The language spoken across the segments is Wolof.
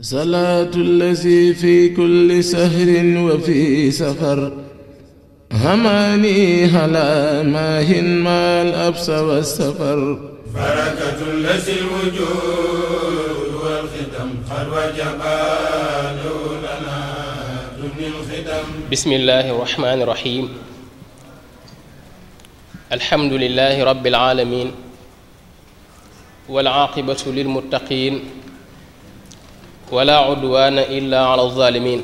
salaatu allazi fi kulli sahrin wa fi safar hamaani hala maahin maal absa wa safar barakatu allazi wujuud wal xidam xad wajaba lana dunil xidam bismillahi rahmaani rahim alhamdulillahi rabbil aalamiin wal aaqibatu lil muttaqiin wala udwaana illa ala zalimin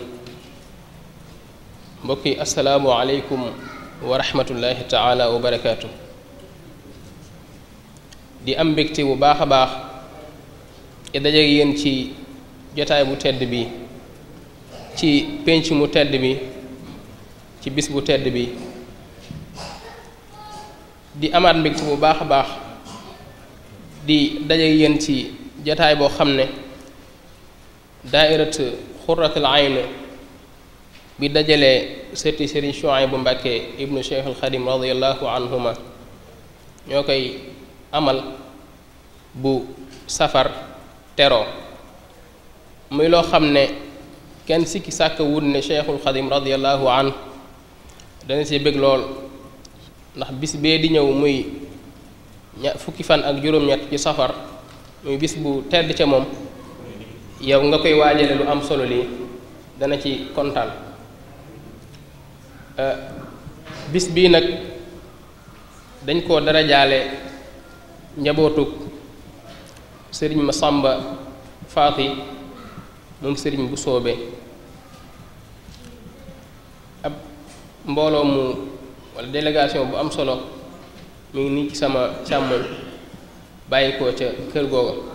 mbokk yi asalaamu aleykum wa rahmatullahi taala di am mbégte bu baax a baax di dajeeg yéen ci jotaay bu tedd bi ci pénc mu tedd bi ci bis bu tedd bi di amaat mbégte bu baax a baax di dajeeg yéen ci jotaay boo xam ne daairat xuratul ayn bi dajalee sëti Serigne Chouaïbou Mbacké ibnu Cheikhul Xadim radiallahu anhuma ñoo koy amal bu safar tero muy loo xam ne kenn sikki sàkk wut ne Cheikhul Xadim radiallahu anhu dana si bëgg lool ndax bis bee di ñëw muy ña fukki fan ak juróom-ñett ci safar muy bis bu tedd ca moom yow nga koy waajale lu am solo lii dana ci kontaan euh, bis bii nag dañ koo darajaale njabootug sëriñ ma sàmba Faati moom sëriñ bu soobe ab mbooloo mu walla délégation bu am solo mu ngi ci sama càmmoñ bàyyi ko ca kër googa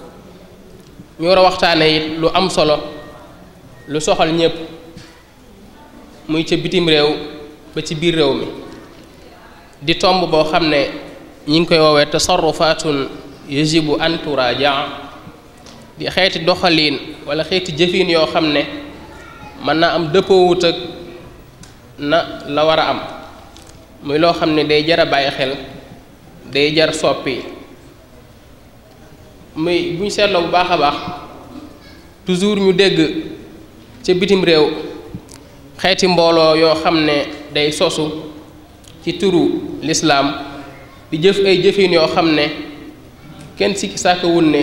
ñu war a waxtaane it lu am solo lu soxal ñépp muy ca bitim réew ba ci biir réew mi di tomb boo xam ne ñu ngi koy woowee te tasarrufatun yajibu an turajaa di xeeti doxaliin wala xeeti jëfin yoo xam ne mën na am dëppoowut ak na la war a am muy loo xam ne day jar a bàyyi xel day jar soppi muy bu ñu seetloo bu baax a baax toujours ñu dégg ca bitim réew xeeti mbooloo yoo xam ne day sosu ci turu lislaam di jëf ay jëfin yoo xam ne kenn sikki sàkkawul ne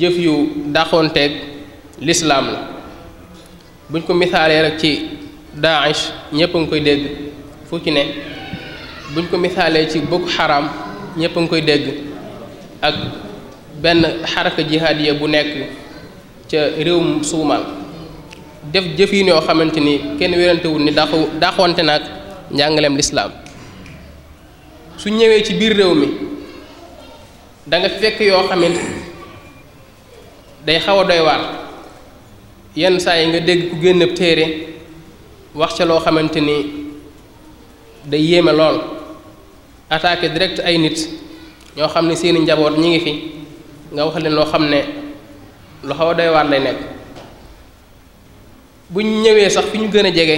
jëf yu dàqoonteeg lislaam la buñ ko misaalee rek ci Daesh ñëpp a ngi koy dégg fu ci ne buñ ko misaalee ci Boko Haram ñëpp a ngi koy dégg ak benn xaraka jihaadiya bu nekk ca réewum suumaan def jëfin yoo xamante ni kenn wérantewul ni daxu daxonte nag njàngaleem lislaam su ñëwee ci biir réew mi danga fekk yoo xamante day xaw a doy waar yenn saa yi nga dégg ku génn téere wax ca loo xamante ni day yéeme lool attaqué direct ay nit ñoo xam ne seeni njaboot ñi ngi fi nga wax leen loo xam ne lu xaw a doy waar lay nekk bu ñu ñëwee sax fi ñu gën a jege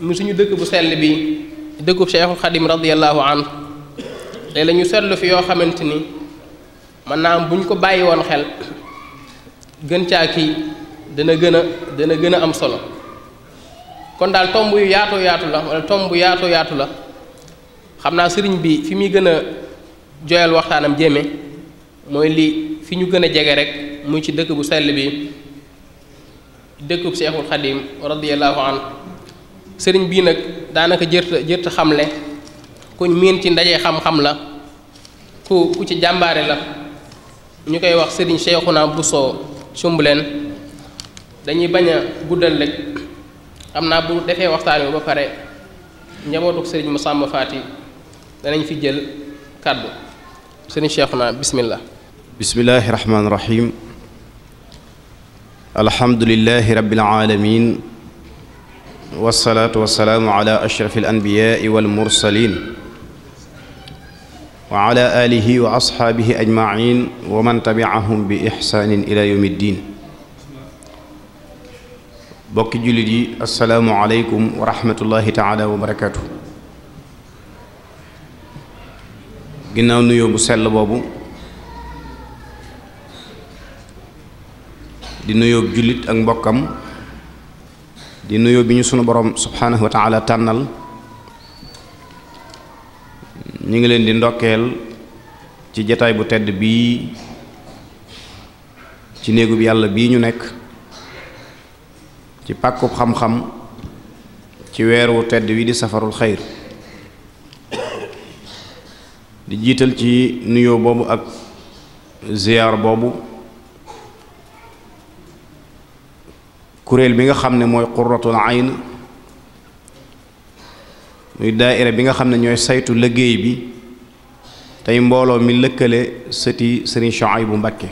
mu suñu dëkk bu sell bi dëkkub Cheikhul Xadim radiyallahu anhu léeg la ñu seetlu fi yoo xamante ni mën naa am bu ñu ko bàyyi woon xel gën caa dana gën a dana gën a am solo kon daal tomb yu yaatu yaatu la wala tomb yaatu yaatu la xam naa sëriñ bi fi muy gën a joyal waxtaanam jéeme mooy li fi ñu gën a jege rek muy ci dëkk bu sell bi dëkku Seexul Xadim radiyallahu an sëriñ bii nag daanaka jërta jërta xamle kuñ miin ci ndaje xam-xam la ku ku ci jàmbaare la ñu koy wax sëriñ bu soow Cumbuleen dañuy bañ a guddal rek xam naa bu defee waxtaan wi ba pare njabootuk sëriñ Masamba Faati danañ fi jël kàddu sëriñ naa bismillah bismillaahi rahmaani rahiim alhamdulillaahi rabbil aalamiin wassalaatu wassalaamu alaa ashrafil anbiyaa'i wal mursaliin wa alaa aalihi wa ashaabihi ajmaiin wa man tabiahum bi ixsaanin ilaa yawmi ddiin bokki jullit yi assalaamu aleykum wa rahmatullaahi taalaa wa barakaatu ginnaaw nuyoo bu sell boobu di nuyoo jullit ak mbokkam di nuyoo bi ñu sunu borom subhaanahu wa tànnal ñu ngi leen di ndokkeel ci jataay bu tedd bii ci néegub yàlla bii ñu nekk ci pàkkub xam-xam ci weer wu tedd wi di safarul xayr di jiital ci nuyoo boobu ak ziyaar boobu kuréel bi nga xam ne mooy qurratul ayn muy daaira bi nga xam ne ñooy saytu liggéey bi tey mbooloo mi lëkkale sëti sëriñ Chouaïbou Mbacké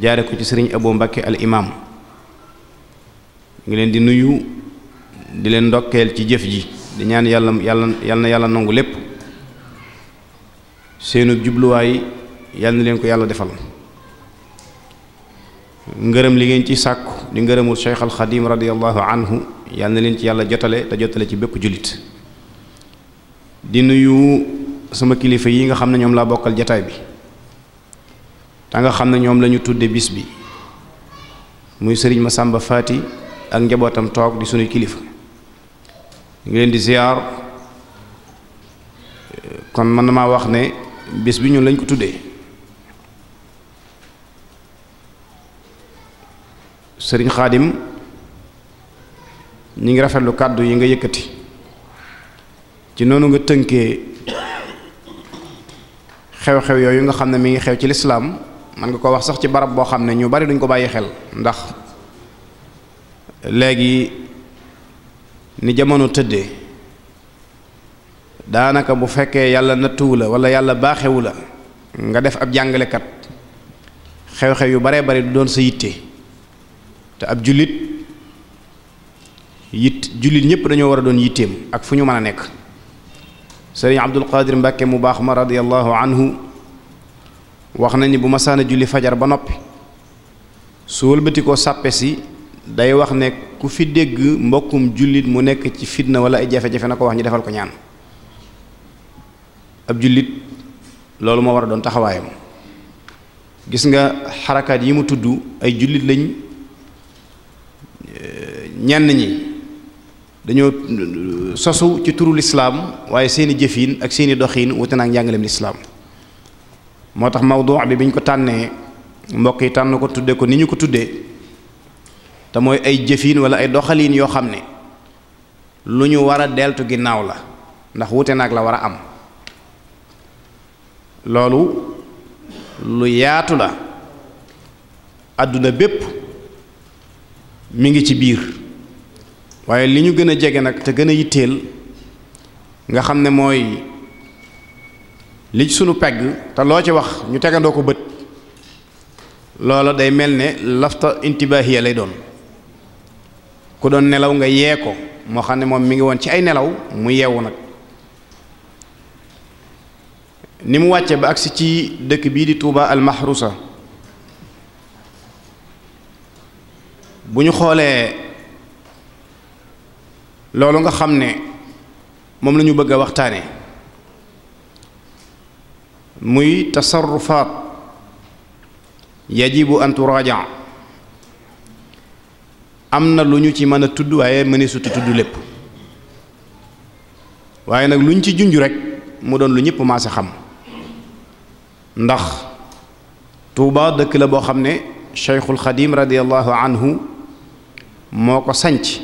jaare ko ci sëriñ Abou Mbacké al imam ngi leen di nuyu di leen ndokkeel ci jëf ji di ñaan yàlla yàlla yàlla na yàlla nangu lépp seenu jubluwaay yàlla na leen ko yàlla defal ngërëm li ngeen ci sàkku di ngërëmul Cheikh al Xadim radiallahu anhu yàlla na leen ci yàlla jotale te jotale ci bépp jullit di nuyu sama kilifa yi nga xam ne ñoom laa bokkal jataay bi te nga xam na ñoom lañu ñu tudde bis bi muy sëriñ ma sàmba Faati ak njabootam toog di suñu kilifa ngi leen di ziar kon mën na maa wax ne bis bi ñun lañ ko tuddee sëriñ xaadim ñi ngi rafetlu kàddu yi nga yëkkati ci noonu nga tënkee xew-xew yooyu nga xam ne mi ngi xew ci lislaam man nga ko wax sax ci barab boo xam ne ñu bari duñ ko bàyyi xel ndax léegi ni jamono tëddee daanaka bu fekkee yàlla nattuwu la wala yàlla baaxewu la nga def ab jàngalekat xew-xew yu baree bari du doon sa yitte te ab jullit yit jullit ñëpp dañoo war a doon yitteem ak fu ñu mën a nekk sëriñ Abdul Qadir Mbàkke mu baax ma radiyallahu anhu wax na ni bu masaana julli fajar ba noppi su wëlbatikoo sàppe si day wax ne ku fi dégg mbokkum jullit mu nekk ci fitna wala ay jafe-jafe na ko wax ñu defal ko ñaan ab jullit loolu moo war a doon taxawaayam gis nga xarakaat yi mu tudd ay jullit lañ ñenn ñi dañoo euh, sosu ci turu lislaam waaye seeni jëfin ak seeni doxiin wute naa njàngaleem lislaam moo tax mawdu bi bi ñu ko tànnee mbokk yi tànn ko tuddee ko ni ñu ko tudde te mooy ay jëfin wala ay doxalin yoo xam ne lu ñu war a deltu ginnaaw la ndax wute naag la war a am loolu lu yaatu la àdduna bépp mi ngi ci biir waaye li ñu gën a jege nag te gën a yitteel nga xam ne mooy li sunu pegg te loo ci wax ñu tegandoo ko bët loola day mel ne lafta intibaahiya lay doon ku doon nelaw nga yee ko moo xam ne moom mi ngi woon ci ay nelaw mu yeewu nag ni mu wàcce ba agsi ci dëkk bii di tuubaa al Mahrusa bu ñu xoolee loolu nga xam ne moom lañu ñu bëgg a waxtaane muy tasarrufaat yajibu an turaaja am na lu ñu ci mën a tudd waaye mëneesut a tudd lépp waaye nag lu ñu ci junj rek mu doon lu ñëpp maase xam ndax Tuuba dëkk la boo xam ne Cheikhul Xadim radiyallahu anhu moo ko sañc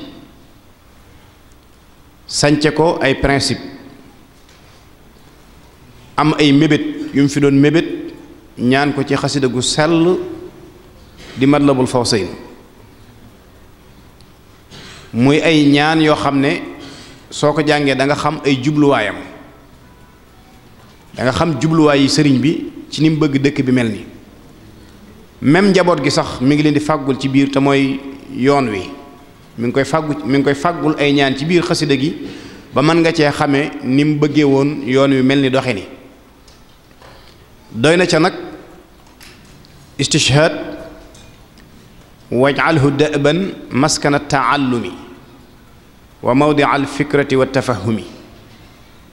sance ko ay principe am ay mébét yu mu fi doon mébét ñaan ko ci xasida gu sell di Matlabul Fawzayn muy ay ñaan yoo xam ne soo ko jàngee danga xam ay jubluwaayam danga xam jubluwaay yi sëriñ bi ci ni bëgg dëkk bi mel ni même njaboot gi sax mu ngi leen di fàggul ci biir te mooy yoon wi mu ngi koy fàggu mi ngi koy fàggul ay ñaan ci biir xasida gi ba mën nga cee xamee ni mu bëggee woon yoon wi mel ni doxe ni doy na ca nag istishhaad waj'alhu da'ban maskana taallumi wa mawdia alfikrati wa tafahumi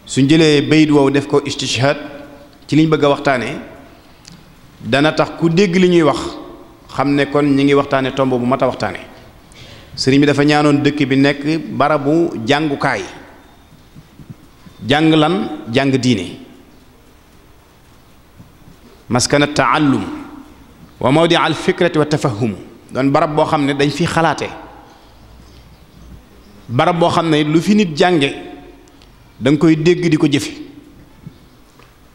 suñ jëlee bayit wow def ko istishhaad ci liñ bëgg a waxtaanee dana tax ku dégg li ñuy wax xam ne kon ñi ngi waxtaane tomb bu mat a waxtaane sëriñ bi dafa ñaanoon dëkk bi nekk barabu jàngukaay jàng lan jàng diine maskana taallum wa mawdi al fikrati wa tafahum doon barab boo xam ne dañ fi xalaate barab boo xam ne lu fi nit jànge da koy dégg di ko jëfe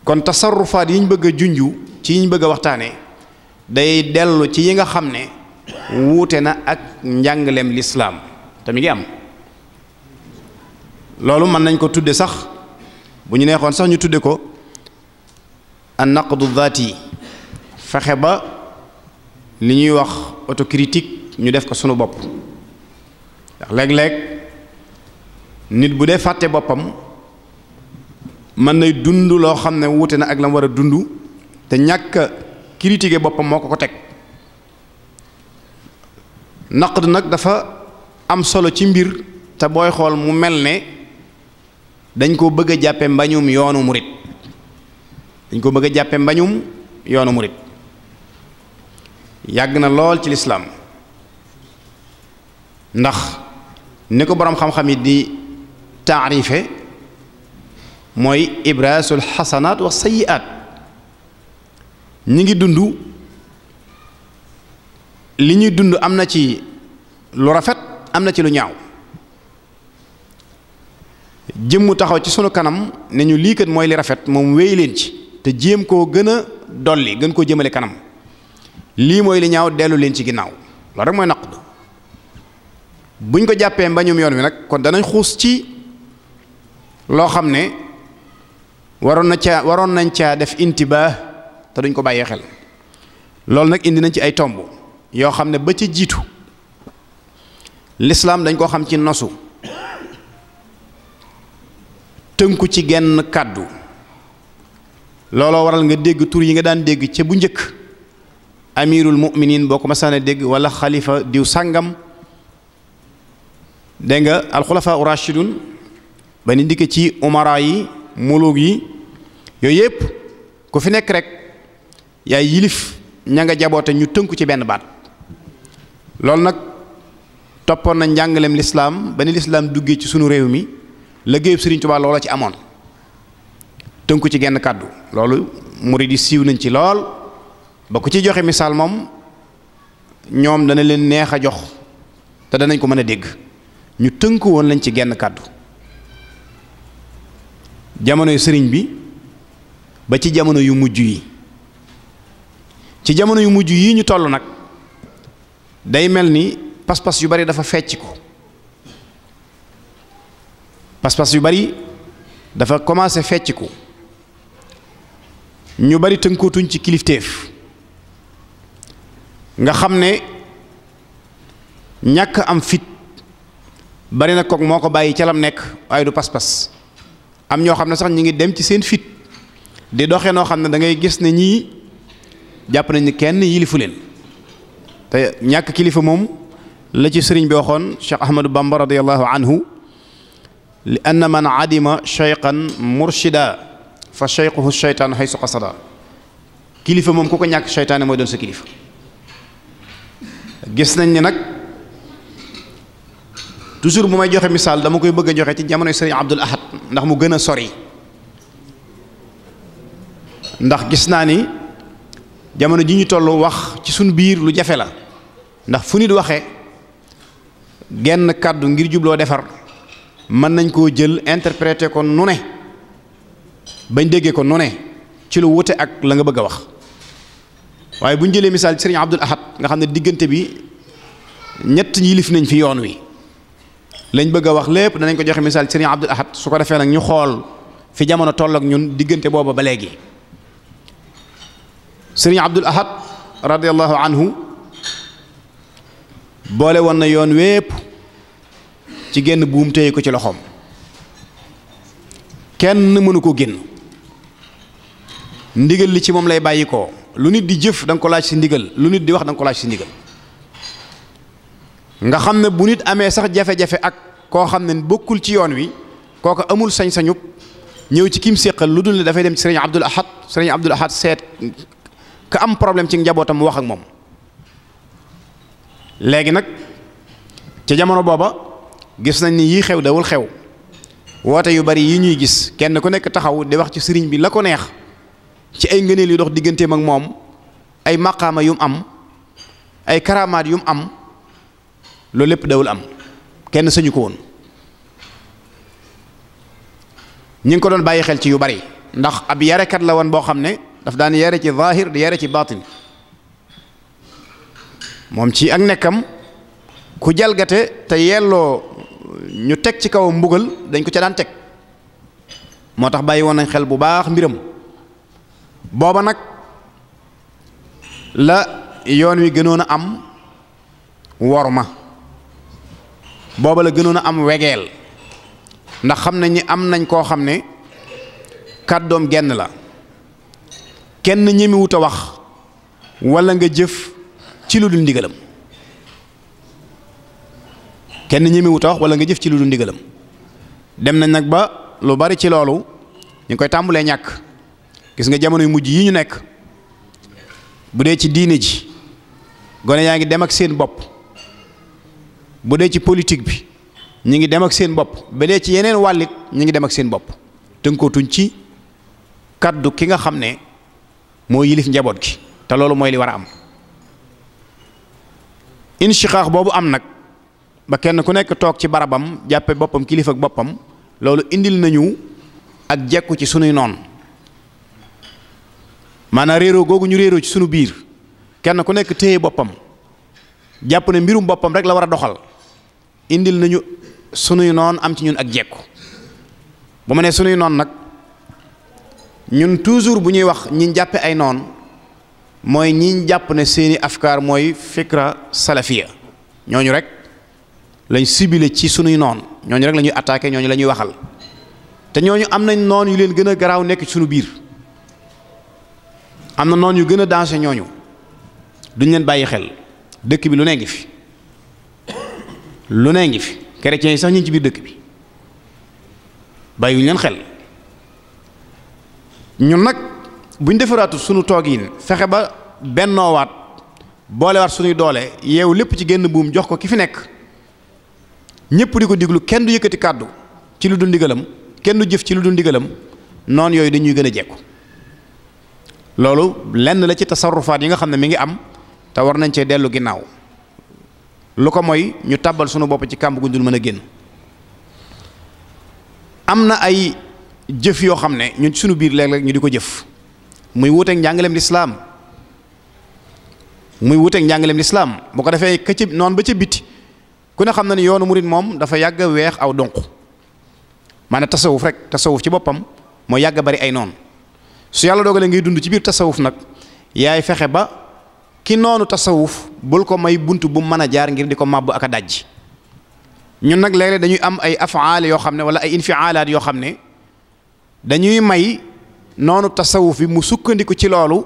kon tasarrufaat yi ñu bëgg a junju ci yi ñu bëgg a waxtaane day dellu ci yi nga xam ne wuute na ak njàngaleem lislaam te mi ngi am loolu mën nañ ko tudde sax bu ñu neexoon sax ñu tudde ko an naqdu dhaati fexe ba li ñuy wax autocritique ñu def ko sunu bopp ndax léeg-léeg nit bu dee fàtte boppam mën nay dund loo xam ne wuute na ak lam war a dund te ñàkk critiquer boppam moo ko ko teg naqd nag dafa am solo ci mbir te booy xool mu mel ne dañ koo bëgg a jàppe mbañum yoonu murit dañ ko bëgg jàppe mbañum yoonu murit yàgg na lool ci lislaam ndax ni ko boroom xam-xam yi di taarife mooy ibraasul xasanaat wa sayiaat ñi ngi dund li ñuy dund am na ci lu rafet am na ci lu ñaaw jëmm taxaw ci sunu kanam ne ñu lii kat mooy li rafet moom wéy leen ci te jéem koo gën a dolli gën koo jëmale kanam lii mooy li ñaaw dellu leen ci ginnaaw loolu rek mooy naqd buñ ko jàppee mbañum yoon wi nag kon danañ xuus ci loo xam ne waroon na caa waroon nañ caa def intibaa te duñ ko bàyyee xel loolu nag indi nañ ci ay tomb yoo xam ne ba ci jiitu lislaam dañ koo xam ci nosu tënku ci genn kàddu looloo waral nga dégg tur yi nga daan dégg ca bu njëkk amirul muminin boo ko masaana dégg wala xalifa diw sàngam dégg nga alxulafa urashidun ba ni ndikke ci umara yi muluk yi yooyu yëpp ku fi nekk rek yaay yilif ña nga jaboote ñu tënku ci benn baat loolu nag toppoon na njàngaleem lislaam ba ni lislaam duggee ci sunu réew mi liggéeyub Sëriñ Tuubaa ci amoon tënku ci genn kàddu loolu murid yi siiw nañ ci lool ba ku ci joxe misaal moom ñoom dana leen neex a jox te danañ ko mën a dégg ñu tënku woon lañ ci genn kàddu jamonoy sëriñ bi ba ci jamono yu mujj yi ci jamono yu mujj yii ñu toll nag day mel ni pas-pas yu bari dafa fecc ko pas-pas yu bari dafa commencé fecc ko ñu bari tënkootuñ ci kilifteef nga xam ne ñàkk am fit bari na kook moo ko bàyyi ca lam nekk waaye du pas-pas am ñoo xam ne sax ñi ngi dem ci seen fit di doxe noo xam ne da ngay gis ne ñii jàpp nañ ni kenn yilifu leen te ñàkk kilifa moom la ci sëriñ bi waxoon Cheikh Ahmadou Bamba radiyallahu anhu li anna man adima cheykhan murshida fa cheykhuhu cheytaan haysu qasada kilifa moom ku ko ñàkk cheytaane mooy doon sa kilifa gis nañ ni nag toujours bu may joxe misaal dama koy bëgg a joxe ci jamonoy sëriñ Abdul Ahad ndax mu gën a sori ndax gis naa ni jamono ji ñu toll wax ci suñu biir lu jafe la ndax fu nit waxee genn kàddu ngir jubloo defar mën nañ koo jël interpreté ko nu ne bañ déggee ko nu ne ci lu wute ak la nga bëgg a wax waaye bu ñu jëlee misaal ci sëriñ Abdul Ahad nga xam ne diggante bi ñett yilif nañ fi yoon wi lañ bëgg a wax lépp danañ ko joxe misaal ci sëriñ Abdul Ahad su ko defee nag ñu xool fi jamono toll ak ñun diggante booba ba léegi. sëriñ Abdul Ahad radiallahu anhu boole woon na yoon wépp ci génn buum téye ko ci loxoom kenn mënu ko génn ndigal li ci moom lay bàyyi ko lu nit di jëf da ko laaj si ndigal lu nit di wax da ko laaj si ndigal nga xam ne bu nit amee sax jafe-jafe ak koo xam ne bokkul ci yoon wi kooku amul sañ-sañub ñëw ci kim séqal lu dul ne dafay dem ci sëriñ Abdul Ahad sëriñ Abdul Ahad seet ka am problème ci njabootam wax ak moom léegi nag ci jamono booba gis nañ ni yii xew dawul xew woote yu bari yi ñuy gis kenn ku nekk taxaw di wax ci sëriñ bi la ko neex ci ay ngëneel yu dox digganteem ak moom ay maqaama yum am ay karamaat yu am loolu lépp dawul am kenn sañu ko woon ñu ngi ko doon bàyyi xel ci yu bari ndax ab yarekat la woon boo xam ne daf daan yare ci zaahir di yare ci baatin moom ci ak nekkam ku jalgate te yelloo ñu teg ci kaw mbugal dañ ko ca daan teg moo tax bàyyi woon nañ xel bu baax mbiram booba nag la yoon wi gënoon a am worma booba la gënoon a am wegeel ndax xam na ni am nañ koo xam ne kàddoom genn la kenn ñemewut a wax walla nga jëf ci lu dul ndigalam kenn ñemewut a wala nga jëf ci lu ndigalam dem na nag ba lu bari ci loolu ñu koy tàmbulee ñàkk gis nga jamono mujj yi ñu nekk bu dee ci diine ji gone yaa ngi dem ak seen bopp bu dee ci politique bi ñu ngi dem ak seen bopp ba dee ci yeneen wàllit ñu ngi dem ak seen bopp tënkootuñ ci kaddu ki nga xam ne moo yilif njaboot gi te loolu mooy li war a am inchixaax boobu am nag ba kenn ku nekk toog ci barabam jàppe boppam kilifa boppam loolu indil nañu ak jekku ci sunuy noon maanaam réeroo googu ñu réeroo ci sunu biir kenn ku nekk téye boppam jàpp ne mbirum boppam rek la war a doxal indil nañu sunuy noon am ci ñun ak jekku bu ma nee sunuy noon nag ñun toujours bu ñuy wax ñi jàppe ay noon mooy ñi jàpp ne seeni afkaar mooy fikra salafiya ñooñu rek lañ sibile ci sunuy noon ñooñu rek lañuy ñuy attaqué ñooñu lañuy waxal te ñooñu am nañ noon yu leen gën a garaaw nekk ci sunu biir am na noon yu gën a dansé ñooñu duñ leen bàyyi xel dëkk bi lu nee ngi fi lu nee ngi fi chrétiens yi sax ñu ci biir dëkk bi bàyyiwuñ leen xel ñun nag bu ñu defaraatu sunu yi fexe ba bennoowaat boolewaat sunuy doole yeewu lépp ci génn buum jox ko ki fi nekk ñëpp di ko diglu kenn du yëkkati kàddu ci lu dul ndigalam kenn du jëf ci lu dul ndigalam noonu yooyu dañuy gën a jekku loolu lenn la ci tasarrufaat yi nga xam ne mi ngi am te war nañ cee dellu ginnaaw lu ko moy ñu tàbbal sunu bopp ci kàmb gu dul mën a génn am na ay. jëf yoo xam ne ñun suñu biir léeg-léeg ñu di ko jëf muy wuuteeg njàngaleem lislaam muy wuuteeg njàngaleem lislaam bu ko defee ka ca noonu ba ca biti ku ne xam na ni yoonu murit moom dafa yàgg a weex aw donq maanaam tasawuf rek tasawuf ci boppam mooy yàgg a bari ay noon su yàlla dogalee ngay dund ci biir tasawuf nag yaay fexe ba ki noonu tasawuf bul ko may bunt bu mën a jaar ngir di ko màbb ak a dajj ñun nag léeg dañuy am ay afaal yoo xam ne wala ay infialaat yoo xam ne dañuy may noonu tasawuf bi mu sukkandiku ci loolu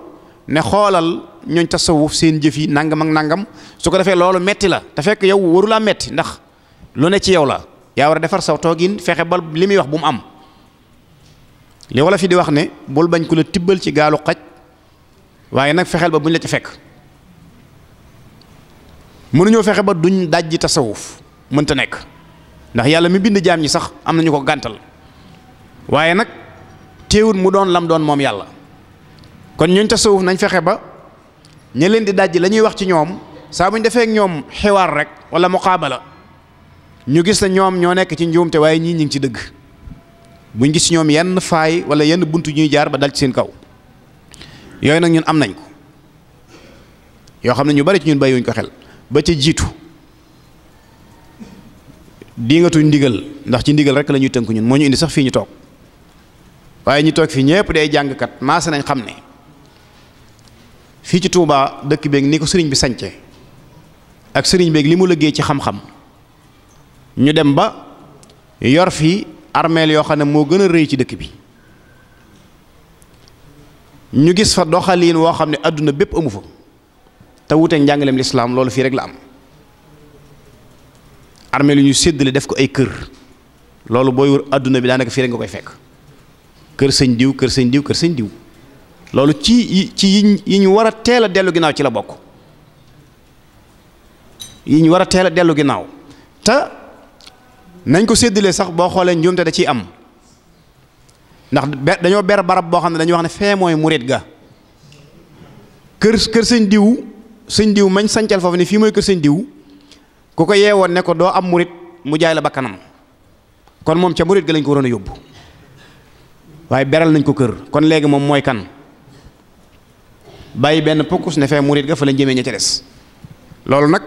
ne xoolal ñooñ tasawuf seen jëf yi nangam ak nangam su ko defee loolu metti la te fekk yow warulaa metti ndax lu ne ci yow la yaa war a defar saw toogin fexe ba li muy wax bu mu am li wala fi di wax ne bul bañ ku la tibbal ci gaalu xaj waaye nag fexeel ba buñ la ci fekk mënuñoo fexe ba duñ dajji tasawuf mënta nekk ndax yàlla mi bind jaam yi sax am nañu ko gàntal waaye nag téewut mu doon lam doon moom yàlla kon ñun tasawuf nañ fexe ba ña leen di dajj la ñuy wax ci ñoom saa bu defee ak ñoom xiwaar rek wala muqaabala ñu gis na ñoom ñoo nekk ci njuumte waaye ñii ñu ngi ci dëgg buñ gis ñoom yenn faay wala yenn bunt ñuy jaar ba dal ci seen kaw yooyu nag ñun am nañ ko yoo xam ne ñu bari ci ñun bàyyiwuñ ko xel ba ci jiitu diingatuñ ndigal ndax ci ndigal rek la tënk ñun moo ñu indi sax fii ñu toog waaye ñu toog fi ñëpp day jàngkat maase nañ xam ne fii ci tuubaa dëkk beeg ni ko sëriñ bi sañce ak sëriñ beeg li mu liggéey ci xam-xam ñu dem ba yor fii armeel yoo xam ne moo gën a rëy ci dëkk bi ñu gis fa doxaliin woo xam ne àdduna bépp amu fa te wuteeg njàngaleem islaam loolu fii rek la am armeel yu ñu séddale def ko ay kër loolu booy wër àdduna bi daanaka fii rek nga koy fekk kër sëñ diw kër sëñ diw kër sëñ diw loolu ci ci yi ñu war a teel a dellu ginnaaw ci la bokk yi ñu war a teel a dellu ginnaaw te nañ ko séddalee sax boo xoolee njuumte da ciy am ndax dañoo ber barab boo xam ne dañuy wax ne fee mooy murit ga kër kër sëñ diw sëñ diw mañ sancal foofu ne fii mooy kër sëñ diw ku ko yeewoon ne ko doo am murit mu jaay la bakkanam kon moom ca murit ga lañ ko waroon a yóbbu waaye beral nañ ko kër kon léegi moom mooy kan bàyyi benn pokkus ne fee murit ga fa lañ jëmee ña ca des loolu nag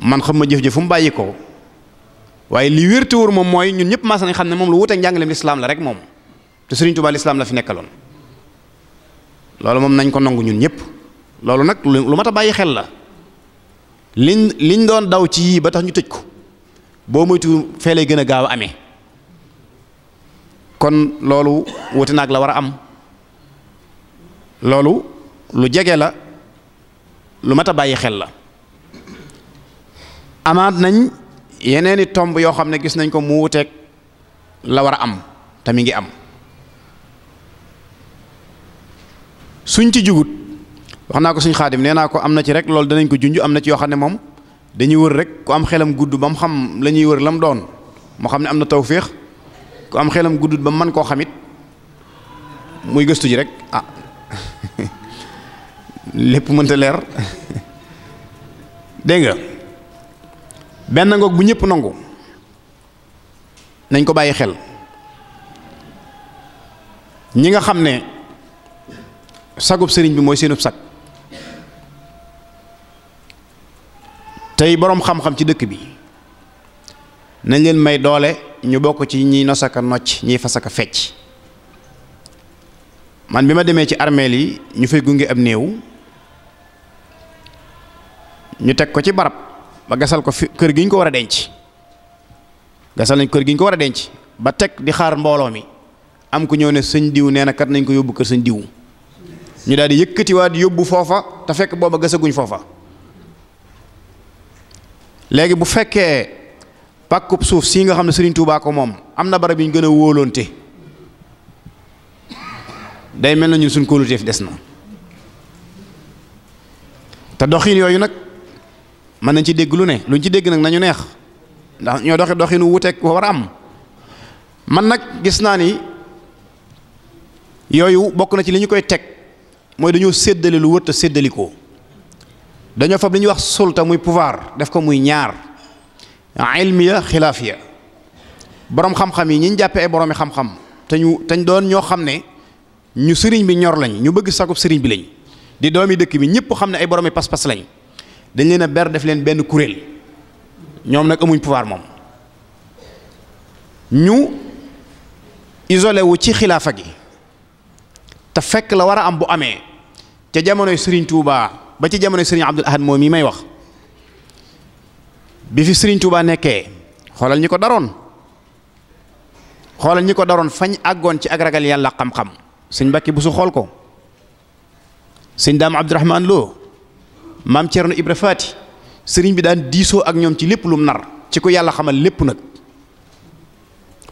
man xam ma jëf jëf fu mu bàyyi ko waaye li wér te moom mooy ñun ñëpp maas nañ xam ne moom lu wutee njàngaleem lislaam la rek moom te Sëriñ Tuubaa lislaam la fi nekkaloon loolu moom nañ ko nangu ñun ñëpp loolu nag lu mat a bàyyi xel la li liñ doon daw ci yii ba tax ñu tëj ko boo moytu fee lay gën a gaaw a amee. kon loolu wuti naag la war a am loolu lu jege la lu mat a bàyyi xel la amaat nañ yeneeni tomb yoo xam ne gis nañ ko mu wuteeg la war a am te mi ngi am suñ ci jugut wax naa ko suñ xaadim nee naa ko am na ci rek loolu danañ ko junj am na ci yoo xam ne moom dañuy wër rek ku am xelam gudd ba mu xam la ñuy wër la mu doon moo xam ne am na tawféex ku am xelam guddut ba man koo xamit muy gëstu ji rek ah lépp mënta leer dégg nga benn ngoog bu ñëpp nangu nañ ko bàyyi xel ñi nga xam ne sagub sëriñ bi mooy seenub sag tey boroom xam-xam ci dëkk bi nañ leen may doole ñu bokk ci ñiy nosaka nocc ñiy fasaka fecc man bi ma demee ci armeel yi ñu fay gunge ab néew ñu teg ko ci barab ba gasal ko fi kër gi ñu ko war a denc gasal nañ kër gi ñu ko war a denc ba teg di xaar mbooloo mi am ku ñëw ne sëñ diw nee na kat nañ ko yóbbu kër sañ diw ñu daal di yëkkatiwaat yóbbu foofa te fekk booba gasaguñu foofa léegi bu fekkee pàkkub suuf sii nga xam ne Serigne Touba ko moom am na barab yi ñu gën a wóolonte day mel nañu ñun suñ kóoluteef des na te doxin yooyu nag mën nañ ci dégg lu ne luñ ci dégg nag nañu neex ndax ñoo doxi doxinu wuteeg wa war a am man nag gis naa ni yooyu bokk na ci li ñu koy teg mooy dañoo séddale lu wër te séddalikoo dañoo fab li ñuy wax sulta muy pouvoir def ko muy ñaar ilmiya xilaafiya borom xam-xam yi ñi ñu jàppee ay boroomi xam-xam te ñu te doon ñoo xam ne ñu sëriñ bi ñor lañ ñu bëgg sagub sëriñ bi lañ di doomi dëkk bi ñëpp xam ne ay boroomi pas-pas lañ dañ leen a ber def leen benn kuréel ñoom nag amuñ pouvoir moom ñu isolé wu ci xilaafa gi te fekk la war a am bu amee ca jamonoy sëriñ Touba ba ci jamonoy sëriñ Abdul Ahad moom mii may wax bi fi Serigne Touba nekkee xoolal ñi ko daroon xoolal ñi ko daroon fañ àggoon ci ak ragal yàlla xam-xam sëñ Mbàkke bu su xool ko sëñ Daam Abdourahman Lo maam Thierno Ibra Faati sëriñ bi daan diisoo ak ñoom ci lépp lum nar ci ko yàlla xamal lépp nag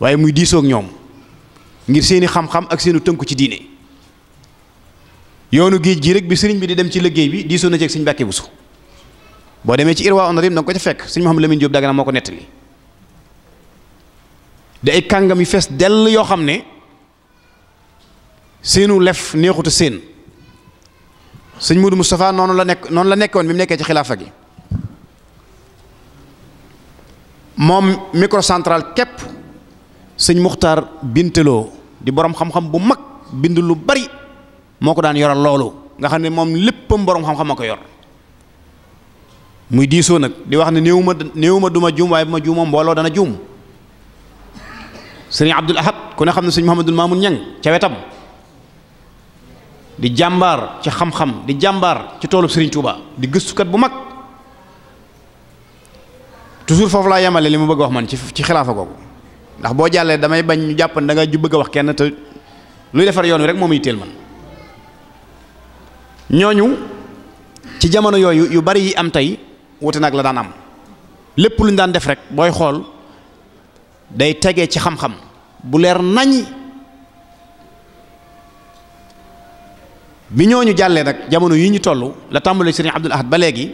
waaye muy diisoo ñoom ngir seeni xam-xam ak seenu tënku ci diine yoonu géej gi rek bi sëriñ bi di dem ci liggéey bi diisoo na ci ak sëñ bu su boo demee ci irwa onarim da nga ko ca fekk suñu Mouhamadou Lamine Diop Dagana moo ko nettali di ay kàngam yu fees dell yoo xam ne seenu lef neexuta seen sëñ Moudou Moustapha noonu la nekk noonu la nekkoon bi mu nekkee ci xilaafa gi moom microcentral képp sëñ Muxtaar Binteloo di boroom xam-xam bu mag bind lu bari moo ko daan yoral loolu nga xam ne moom léppam borom xam-xam a ko yor muy diisoo nag di wax ne néew ma néew ma du ma juum waaye bu ma juumoo mbooloo dana juum sëriñ Abdul Ahad ku ne xam ne sëriñ Muhammadul Maamun ñang ca wetam di jàmbaar ci xam-xam di jàmbaar ci toolu sëriñ Tuuba di gëstukat bu mag toujours foofu laa yemale li mu bëgg wax man ci ci xilaafa googu ndax boo jàllee damay bañ ñu jàpp ne da bëgg a wax kenn te luy defar yoon wi rek moom itteel man ñooñu ci jamono yooyu yu bari yi am tey wute nag la daan am lépp lu ñu daan def rek booy xool day tegee ci xam-xam bu leer nañ bi ñooñu jàllee nag jamono yi ñu toll la tàmbalee Serigne Abdul Ahad ba léegi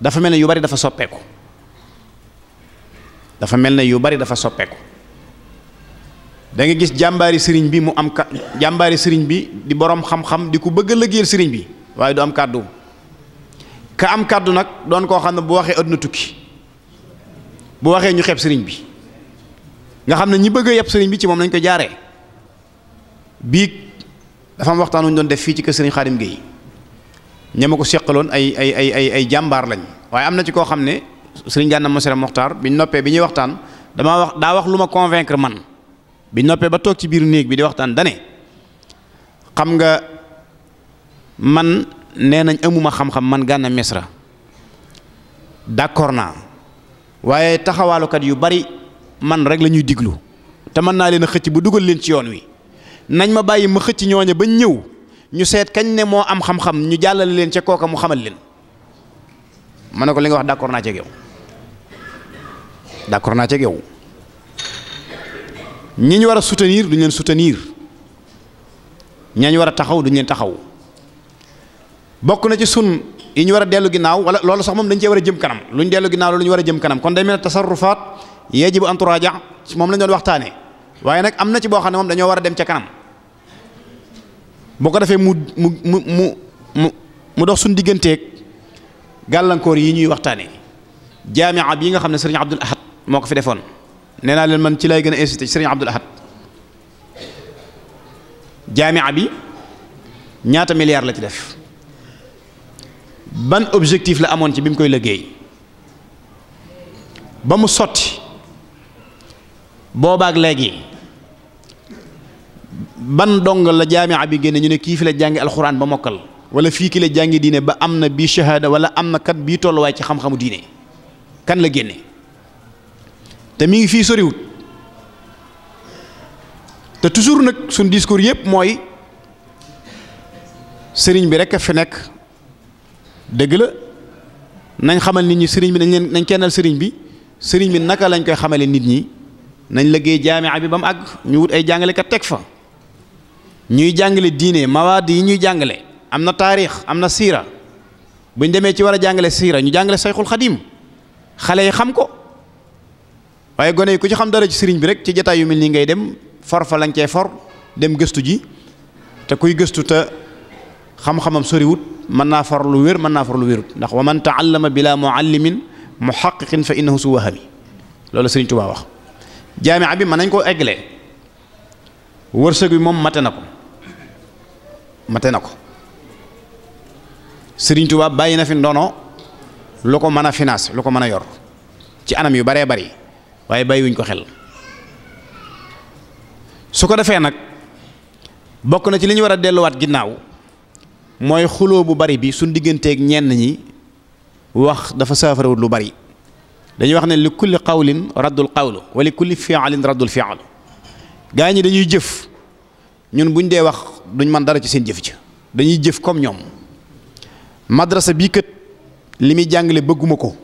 dafa mel ne yu bari dafa soppeeku dafa mel ne yu bari dafa soppeeku danga gis jàmbaari sëriñ bi mu am ka jàmbaari sëriñ bi di boroom xam-xam di ku bëgg a liggéeyal sëriñ bi waaye du am kàddu ka am kàddu nag doon koo xam ne bu waxee adduna tukki bu waxee ñu xeeb sëriñ bi nga xam ne ñi bëgg a yap sëriñ bi ci moom lañ ko jaaree biig dafa am waxtaan wu doon def fii ci kër sëriñ Xaadim Guèye ña ma ko seqaloon ay ay ay ay jàmbaar lañ waaye am na ci koo xam ne sëriñ Gana Messere Mokhtar biñ noppee bi ñuy waxtaan dama wax daa wax lu ma convaincre man bi noppee ba toog ci biir néeg bi di waxtaan dane xam nga man. nee nañ amuma xam-xam man Gana Messere d'accord naa waaye taxawaalukat yu bari man rek la ñuy diglu te mën naa leen a xëcc bu dugal leen ci yoon wi nañ ma bàyyi ma xëcc ñooña ba ñëw ñu seet kañ ne moo am xam-xam ñu jàllale leen ca kooka mu xamal leen ma ne ko li wax d'accord naa ci yow d'accord naa ci yow ñi ñu war a soutenir duñ leen soutenir ñañ war a taxaw duñ leen taxaw. bokk na ci sun yi ñu war a dellu ginnaaw wala loolu sax moom dañ cee war a jëm kanam lu ñu dellu ginnaaw loolu ñu war a jëm kanam kon day mel ne tasarrufaat yajibu an turaaja moom la ñu doon waxtaanee waaye nag am na ci boo xam ne moom dañoo war a dem ca kanam boo ko defee mu mu mu mu mu dox suñ digganteek gàllankoor yi ñuy waxtaanee jaamia yi nga xam ne sëriñ Abdul Ahad moo ko fi defoon nee naa leen man ci lay gën a incité ci sëriñ Abdul Ahad bi ñaata milliards la ci def. ban objectif la amoon ci bi mu koy liggéey ba mu sotti boobaak léegi ban dong la jaamia bi génne ñu ne kii fi la jàngi alxuraan ba mokkal wala fii ki la jàngi diine ba am na bi shahada wala am na kat bii tolluwaay ci xam-xamu diine kan la génne te mi ngi fii soriwut te toujours nag suñ discours yépp mooy sëriñ bi rekk a fi dëgg la nañ xamal nit ñi sëriñ bi nañ leen nañ kennal sëriñ bi sëriñ bi naka lañ koy xamale nit ñi nañ liggéey jaamia bi ba mu àgg ay jàngalekat teg fa ñuy jàngale diine mawaad ñuy jàngale am na taarix am na siira bu ñu demee ci war a jàngale siira ñu jàngale sayxul xadiim xale yi xam ko waaye gone yi ku ci xam dara ci sëriñ bi rek ci jataay yu mel nii ngay dem for fa lañ cee for dem gëstu ji te kuy gëstu te xam-xamam soriwut mën naa far lu wér mën naa far lu wérut ndax wa man taallama bila muallimin muhaqiqin fa innahu su wahami loolu sëriñ Tuubaa wax jaamia bi mën nañ koo eggle wërsëg bi moom mate na ko mate na ko sëriñ Tuubaa bàyyi na fi ndono lu ko mën a finance lu ko mën a yor ci anam yu baree bari waaye bàyyiwuñ ko xel su ko defee nag bokk na ci li ñu war a delluwaat ginnaaw mooy xuloo bu bari bi suñ digganteeg ñenn ñi wax dafa saafarawut lu bari dañuy wax ne li kulli qawlin raddul qawlu wa li kulli fialin raddul fialu gaa ñi dañuy jëf ñun buñ dee wax duñ man dara ci seen jëf ci dañuy jëf comme ñoom madrasa bii kët li muy jàngale bëgguma ko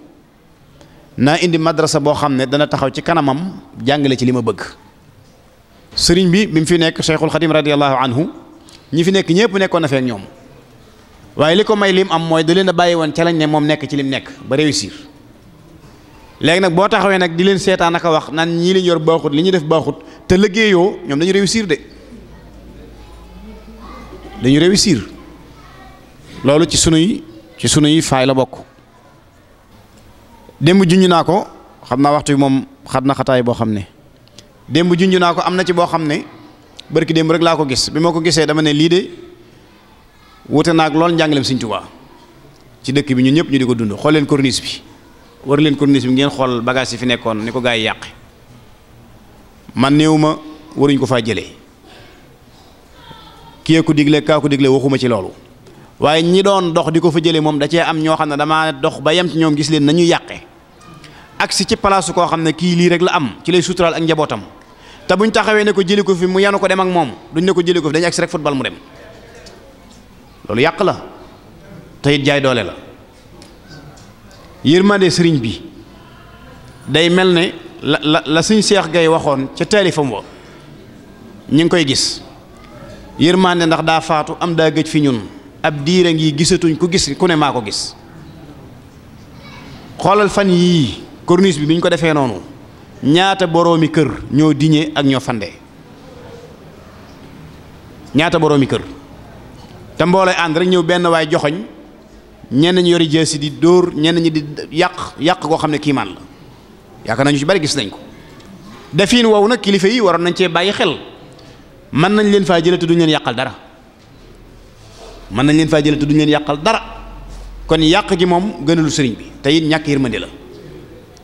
naa indi madrasa boo xam ne dana taxaw ci kanamam jàngale ci li ma bëgg sëriñ bi bi mu fi nekk Cheikhul Xadim radiyallahu anhu ñi fi nekk ñëpp nekkoon na feek ñoom waaye li ko may lim am mooy da a bàyyi woon ca lañ ne moom nekk ci lim nekk ba réussir léegi nag boo taxawee nag di leen seetaan naka wax naan ñii liñ yor baaxut li ñuy def baaxut te liggéeyoo ñoom dañu réussir de dañu réussir loolu ci sunuy ci sunuy faay la bokk démb junj naa ko xam naa waxtu bi moom xat na xataay boo xam ne démb junj naa ko am na ci boo xam ne barki dem rek laa ko gis bi ma ko gisee dama ne lii de. wute naag lool njàngaleem Sëriñ Tuubaa ci dëkk bi ñun ñëpp ñu di ko dund xool leen corniche bi war leen corniche bi ngeen xool bagage yi fi nekkoon ni ko gaa yi yàqe man néew ma waruñ ko faa jëlee kii ko digle kaa ko digle waxuma ci loolu waaye ñi doon dox di ko fa jëlee moom da cee am ñoo xam ne dama dox ba yem ci ñoom gis leen nañu yàqe agsi ci palaasu koo xam ne kii lii rek la am ci lay suturaal ak njabootam te buñ taxawee ne ko jëli ko fi mu yanu ko dem ak moom duñ ko jëli ko fi dañu agsi mu dem loolu yàq la tey it jaay doole la yërmande sëriñ bi day mel ni la la la suñ seex gay waxoon ca taalifam wa ñu ngi koy gis yërmande ndax daa faatu am daa gëj fi ñun ab diire ngi gisatuñ ku gis ku ne maa ko gis xoolal fan yii korniis bi bi ñu ko defee noonu ñaata boroomi kër ñoo diñe ak ñoo fande ñaata boroomi kër te mboolooy ànd ñëw benn waay joxoñ ñenn ñu yori si di dóor ñenn ñi di yàq yàq koo xam ne kiimaan la yaakaar nañu ci bari gis nañ ko def yin wow nag kilifa yi waroon nañ cee bàyyi xel mën nañ leen faa jëlee te duñ leen yàqal dara mën nañ leen faa jëlee te yàqal dara kon yàq gi moom gënalu sëriñ bi te it ñàkk yërmande la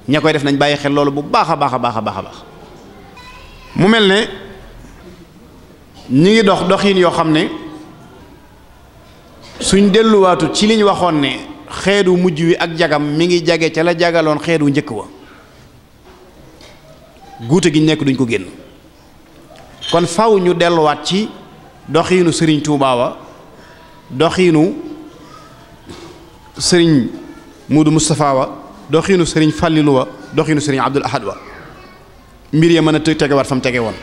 ña koy def nañ bàyyi xel loolu bu baax a baax a baax a baax a baax mu mel ne ñu ngi dox doxin yoo xam ne. suñ delluwaatu ci liñ waxoon ne xeetu mujj wi ak jagam mi ngi jage ca la jagaloon xeetu njëkk wa guute gi nekk duñ ko génn kon faw ñu delluwaat ci doxiinu sëriñ Tuubaa wa doxiinu sëriñ Muudu Mustafaa wa doxiinu sëriñ Fàllilu wa doxiinu sëriñ Abdul Ahad wa mbir ya mën a tegewaat fa mu tege woon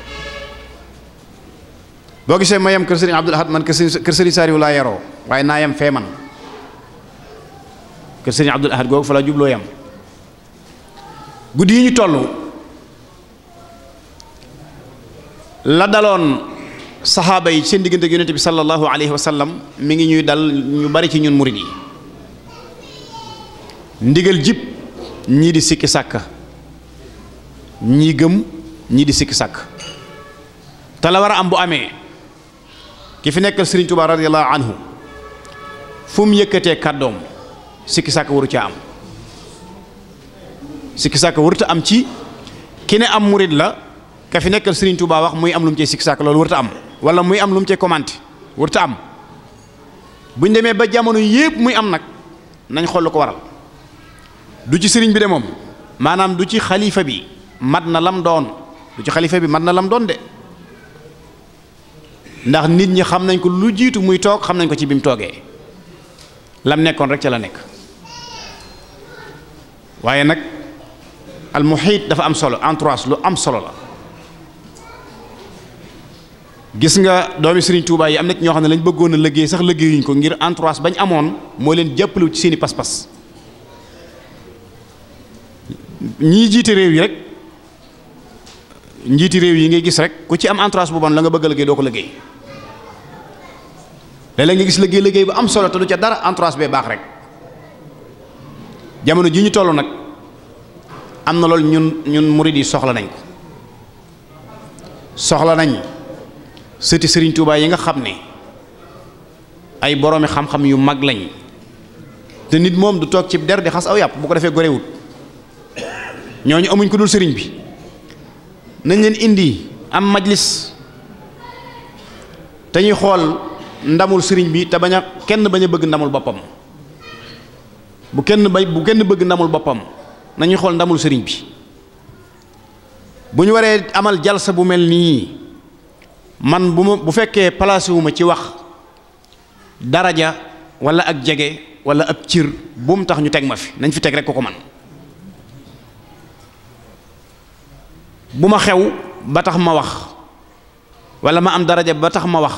boo gisee ma yem kër sëriñ Abdul Ahad man kër sëriñ Saaliw laa yaroo waaye naa yem fee man kër sëriñ Abdul Ahad googu fa la jubloo yem guddi yi ñu toll la daloon saxaaba yi seen diggante ak bi sallallahu alayhi wa sallam mi ngi ñuy dal ñu bari ci ñun murid yi ndigal jib ñii di sikki sàkk ñii gëm ñii di sikki sàkk te la war a am bu amee ki fi nekkal Serigne Touba radiyallahu anhu fu mu yëkkatee kàddoom sikki sàkk waru caa am sikki sàkk warut am ci ki ne am murid la ka fi nekkal Serigne Touba wax muy am lu mu cee sikki sàkk loolu warut am wala muy am lu mu cee commenté warut am buñ demee ba jamono yépp muy am nag nañ xool ko waral du ci Serigne bi de moom maanaam du ci xalifa bi mat na lam doon du ci xalifa bi mat na lam doon de. ndax nit ñi xam nañ ko lu jiitu muy toog xam nañ ko ci bi mu toogee lam nekkoon rek ca la nekk waaye nag al muhit dafa am solo entourage lu am solo la gis nga doomi Serigne Touba yi am na ñoo xam ne lañ bëggoon a liggéey sax liggéeyuñ ko ngir entourage bañ amoon moo leen jàppale ci seeni pas-pas ñi jiite réew yi rek. njiiti réew yi ngay gis rek ku ci am entourage bu bon la nga bëgg a liggéey doo ko liggéey léeg nga gis liggéey liggéey bu am solo te du ca dara entourage bee baax rek jamono ji ñu toll nag am na loolu ñun ñun murid yi soxla nañ ko soxla nañ sëti sëriñ Touba yi nga xam ne ay boroomi xam-xam yu mag lañ te nit moom du toog ci der di xas aw yàpp bu ko defee gorewut ñooñu amuñ ko dul sëriñ bi nañ leen indi am majlis te ñuy xool ndamul sëriñ bi te bañ a kenn bañ a bëgg ndamul boppam bu kenn bay bu kenn bëgg ndamul boppam nañuy xool ndamul sëriñ bi bu ñu waree amal jalsa bu mel nii man bu ma bu fekkee placé wu ma ci wax daraja wala ak jege wala ab cir bu tax ñu teg ma fi nañ fi teg rek ko ko man bu ma xew ba tax ma wax walla ma am daraja ba tax ma wax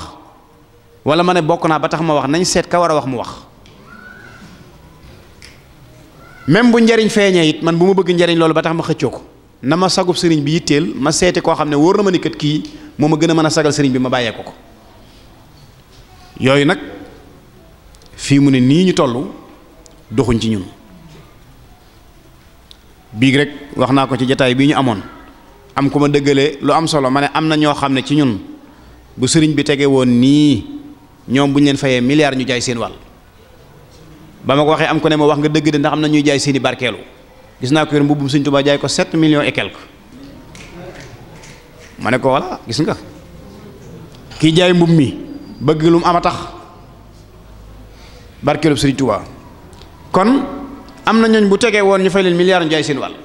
wala ma ne bokk naa ba tax ma wax nañ seet ka war a wax mu wax même bu njariñ feeñee it man bu ma bëgg njariñ loolu ba tax ma xëccoo ko na ma sagub sëriñ bi yitteel ma seeti koo xam ne wóor na ma ne kët kii moo ma gën a mën a sagal sëriñ bi ma bàyyee ko yooyu nag fii mu ne nii ñu toll doxuñ ci ñun biig rek wax naa ko ci jataay bii ñu amoon am ku ma dëggale lu am solo ma ne am na ñoo xam ne ci ñun bu sëriñ bi tegee woon nii ñoom bu ñu leen fayee milliards ñu jaay seen wàll ba ma ko waxee am ku ne ma wax nga dëgg de ndax am na ñuy jaay seeni i barkeelu gis naa ko yor mbubbum sëriñ Tuubaa jaay ko 7 millions et ma ne ko gis nga kii jaay mbubb mi bëgg lu mu am a tax barkeelu sëriñ Tuubaa kon am na ñooñ bu tegee woon ñu fay leen milliards ñu jaay seen wàll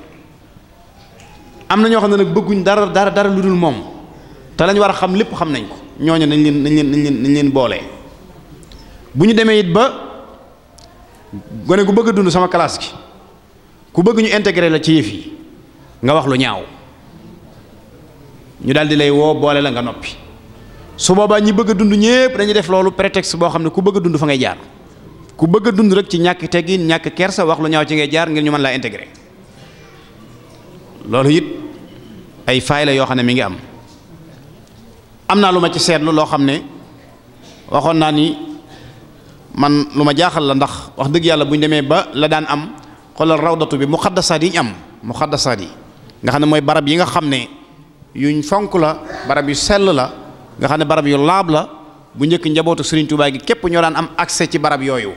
am na ñoo xam ne nag bëgguñ dara dara dara lu dul moom te lañu war a xam lépp xam nañ ko ñooñu nañ leen nañ leen nañ leen nañ leen boolee bu ñu demee it ba gone ku bëgg dund sama classe gi ku bëgg ñu integre la ci yëf yi nga wax lu ñaaw ñu daal di lay woo boole la nga noppi su boobaa ñi bëgg a dund ñépp dañuy def loolu prétexte boo xam ne ku bëgg dund fa ngay jaar ku bëgg a dund rek ci ñàkk teggin ñàkk kersa wax lu ñaaw ci ngay jaar ngir ñu man laa intégré loolu it ay faay la yoo xam ne mi ngi am am naa lu ma ci seet lu loo xam ne waxoon naa ni man lu ma jaaxal la ndax wax dëgg yàlla bu ñu demee ba la daan am xoolal rawdatu bi muqaddasaat yi ñu am muqaddasaat yi nga xam ne mooy barab yi nga xam ne yuñ fonk la barab yu sell la nga xam ne barab yu laab la bu njëkk njabootu Serigne Touba gi képp ñoo daan am accès ci barab yooyu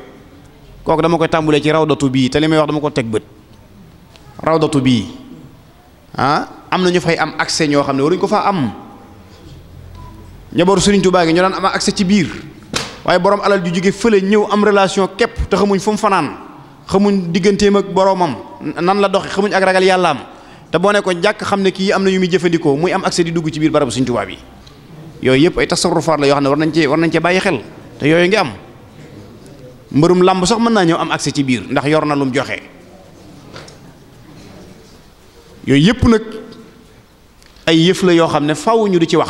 kooku dama koy tàmbulee ci rawdatu bii te li may wax dama ko teg bët rawdatu bii ah am na ñu fay am accès ñoo xam ne waruñu ko faa am ñabooru Serigne Touba yi ñu daan am accès ci biir waaye borom alal ju jóge fële ñëw am relation képp te xamuñ fu mu fanaan xamuñ digganteem ak boromam nan la doxe xamuñ ak ragal yàllaam te boo ne jàkk xam ne kii am na yu muy jëfandikoo muy am accès di dugg ci biir barabu Serigne Touba bi yooyu yëpp ay tasarrufaat la yoo xam ne war nañ cee war nañ bàyyi xel te yooyu ngi am mbërum làmb sax mën naa ñëw am accès ci biir ndax yor na lum joxe. yooyu yépp nag ay yëf la yoo xam ne faw ñu di ci wax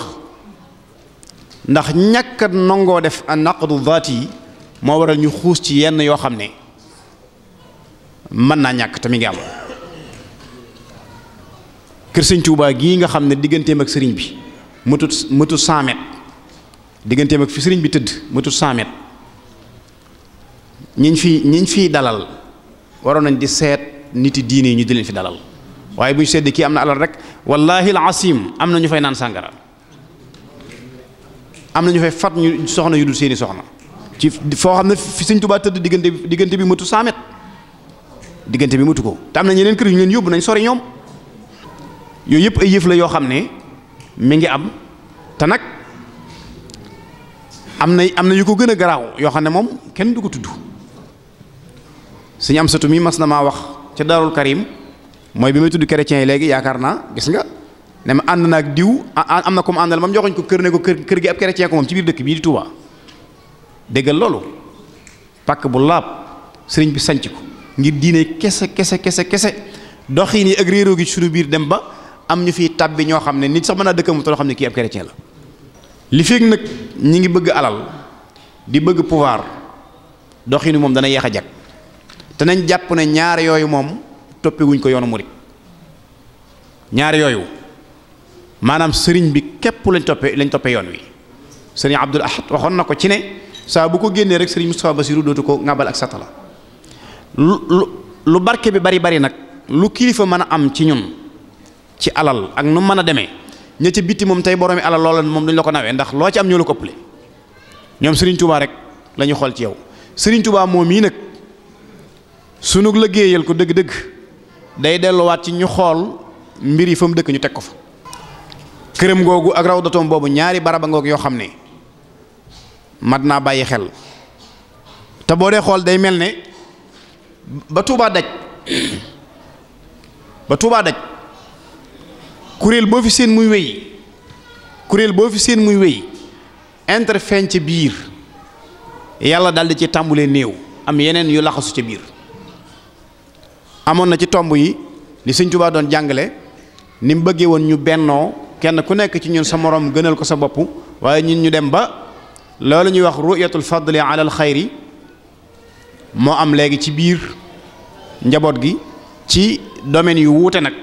ndax ñàkk a def an naqdu zaati yi moo waral ñu xuus ci yenn yoo xam ne mën naa ñàkk tamit ngi am kër sëñ gi gii nga xam ne digganteem ak sëriñ bi mëtut mëtut 100 mètres digganteem ak fi sëriñ bi tëdd mëtut 100 mètres ñiñ fi ñiñ fiy dalal waroon nañ di seet nit yi yi ñu di leen fi dalal waaye bu ñu sedd kii am na alal rek wallaahi alasim am na ñu fay naan sàngara am na ñu fay fat ñu soxna yu dul seeni soxna ci foo xam ne fi Sëñ Tuubaa tëdd diggante diggante bi mëtu 100 mètres diggante bi mëtu ko te am na ñeneen kër yu ñu leen yóbbu nañ sori ñoom yooyu yëpp ay yëf la yoo xam ne mi ngi am te nag am na am na yu ko gën a garaaw yoo xam ne moom kenn du ko tudd Sëñ Amsatu mi mas na maa wax ca Daarul Karim mooy bi may tudd chrétiens yi léegi yaakaar naa gis nga ne ma ànd naag diw am na ko mu àndal moom joxuñ ko kër ne ko kër kër gi ab chrétien ko moom ci biir dëkk bii di Touba déggal loolu pàkk bu laab sëriñ bi sanc ko ngir diine kese kese kese kese doxiin yi ak réeroo gi suñu biir dem ba am ñu fiy tàbbi ñoo xam ne nit sax man naa dëkkamu te loo xam ne kii ab chrétien la li feeg nag ñi ngi bëgg alal di bëgg doxin yi moom dana yeex a jag te nañ jàpp ne ñaar yooyu moom toppewuñ ko yoonu murit ñaari yooyu maanaam sëriñ bi képp lañ toppe lañ toppe yoon wi sëriñ Abdul Ahad waxoon na ko ci ne saa bu ko génnee rek sëriñ Moustapha Bassirou dootu ko ŋàbbal ak satala lu lu barke bi bari bari nag lu kilifa mën a am ci ñun ci alal ak nu mën a demee ña ca bitti moom tey boroomi alal loola moom duñ la ko nawee ndax loo ci am ñoo la ko ëppale ñoom sëriñ Touba rek lañuy xool ci yow sëriñ Touba moom yi nag sunu liggéeyal ko dëgg day delluwaat ci ñu xool mbir yi fa mu dëkk ñu teg ko fa këram googu ak raw rawdatoom boobu ñaari baraba ngoog yoo xam ne mat naa bàyyi xel te boo dee xool day mel ne ba Touba daj ba Touba daj kuréel boo fi seen muy wéy kuréel boo fi seen muy wéy feeñ ci biir yàlla daldi ci tàmbulee néew am yeneen yu laxasu ca biir amoon na ci tomb yi li suñ Tuubaa doon jàngale ni mu bëggee woon ñu bennoo kenn ku nekk ci ñun sa moroom gënal ko sa bopp waaye ñun ñu dem ba loolu ñuy wax ruyatul fadli ala moo am léegi ci biir njaboot gi ci domaines yu wuute nag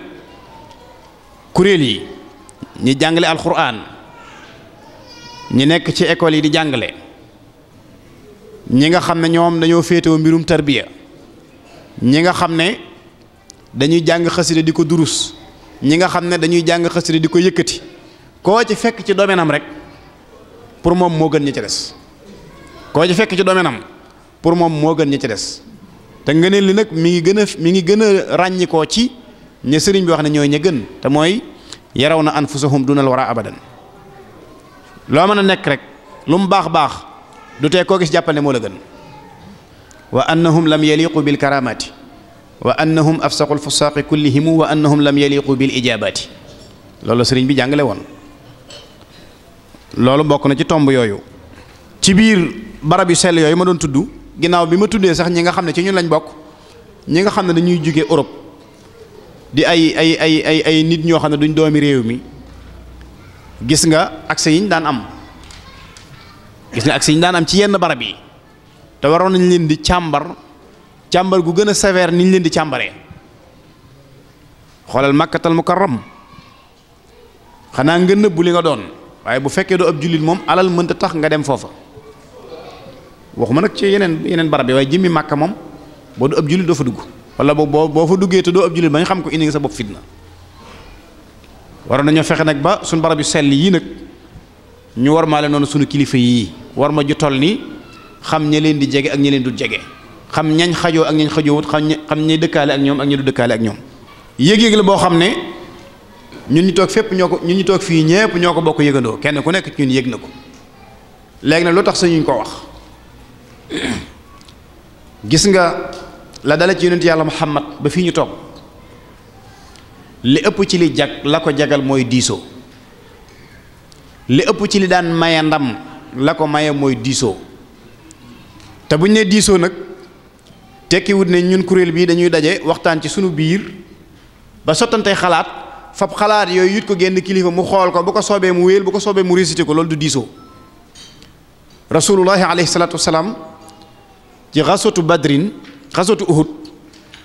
kuréel yi ñi jàngale alxuraan ñi nekk ci école yi di jàngale ñi nga xam ne ñoom dañoo féetewoo mbirum tarbiya ñi nga xam ne dañuy jàng xasida di ko durus ñi nga xam ne dañuy jàng xasida di ko yëkkati koo ci fekk ci domaine am rek pour moom moo gën ñi ca des koo ci fekk ci domaine am pour moom moo gën ñi ci des te ngëneel li nag mi ngi gën a mi ngi gën a ràññikoo ci ña sëriñ bi wax ne ñooy ña gën te mooy yaraw na anfusahum dunal wara abadan loo mën a nekk rek lu mu baax baax du tee koo gis jàppale moo la gën waa wa annahum lam yaliqu bil karamati wa annahum afsaqu alfusaaqi kullihimu wa annahum lam yaliqu bil ijaabati loolu sëriñ bi jàngale woon loolu bokk na ci tomb yooyu ci biir barab yu sell yooyu ma doon tudd ginnaaw bi ma tuddee sax ñi nga xam ne ci ñun lañ bokk ñi nga xam ne dañuy jóge Europe di ay ay ay ay ay nit ñoo xam ne duñ doomi réew mi gis nga accès yi daan am gis nga accès yi daan am ci yenn barab yi te waroon nañ leen di càmbar càmbar gu gën a sévère niñ leen di càmbaree xoolal màkkatal mukarram xanaa nga nëbbu li nga doon waaye bu fekkee doo ab jullit moom alal mënta tax nga dem foofa waxuma nag ci yeneen yeneen barab yi waaye jëmmi màkka moom boo du ab jullit doo fa dugg wala boo boo fa duggee te doo ab jullit ba ñu xam ko indi nga sa bopp fitna waroon nañoo fexe nag ba suñu barab yu sell yii nag ñu war maa leen noonu suñu kilifa yii war ma ju toll nii xam ña leen di jege ak ña leen du jege xam ñañ xajoo ak ñañ xajoowut xam xam ñi dëkkaale ak ñoom ak ñi du dëkkaale ak ñoom yëg-yëg la boo xam ne ñun ñu toog fépp ñoo ko ñu ñu toog fii ñépp ñoo ko bokk yëgandoo kenn ku nekk ci ñun yëg na ko léegi nag lu tax suñu ko wax gis nga la dala ci yonent yàlla Muhammad ba fii ñu toog li ëpp ci li jag la ko jagal mooy diisoo li ëpp ci li daan maye ndam la ko maye mooy diisoo te buñ ne diisoo nag tekkiwut ne ñun kuréel bii dañuy daje waxtaan ci sunu biir ba sottante xalaat fab xalaat yooyu yut ko génn kilifa mu xool ko bu ko soobee mu wéel bu ko soobee mu récité ko loolu du diisoo rasulullahi alayhi salaatu wasalaam ci xasatu badrin xasatu uhud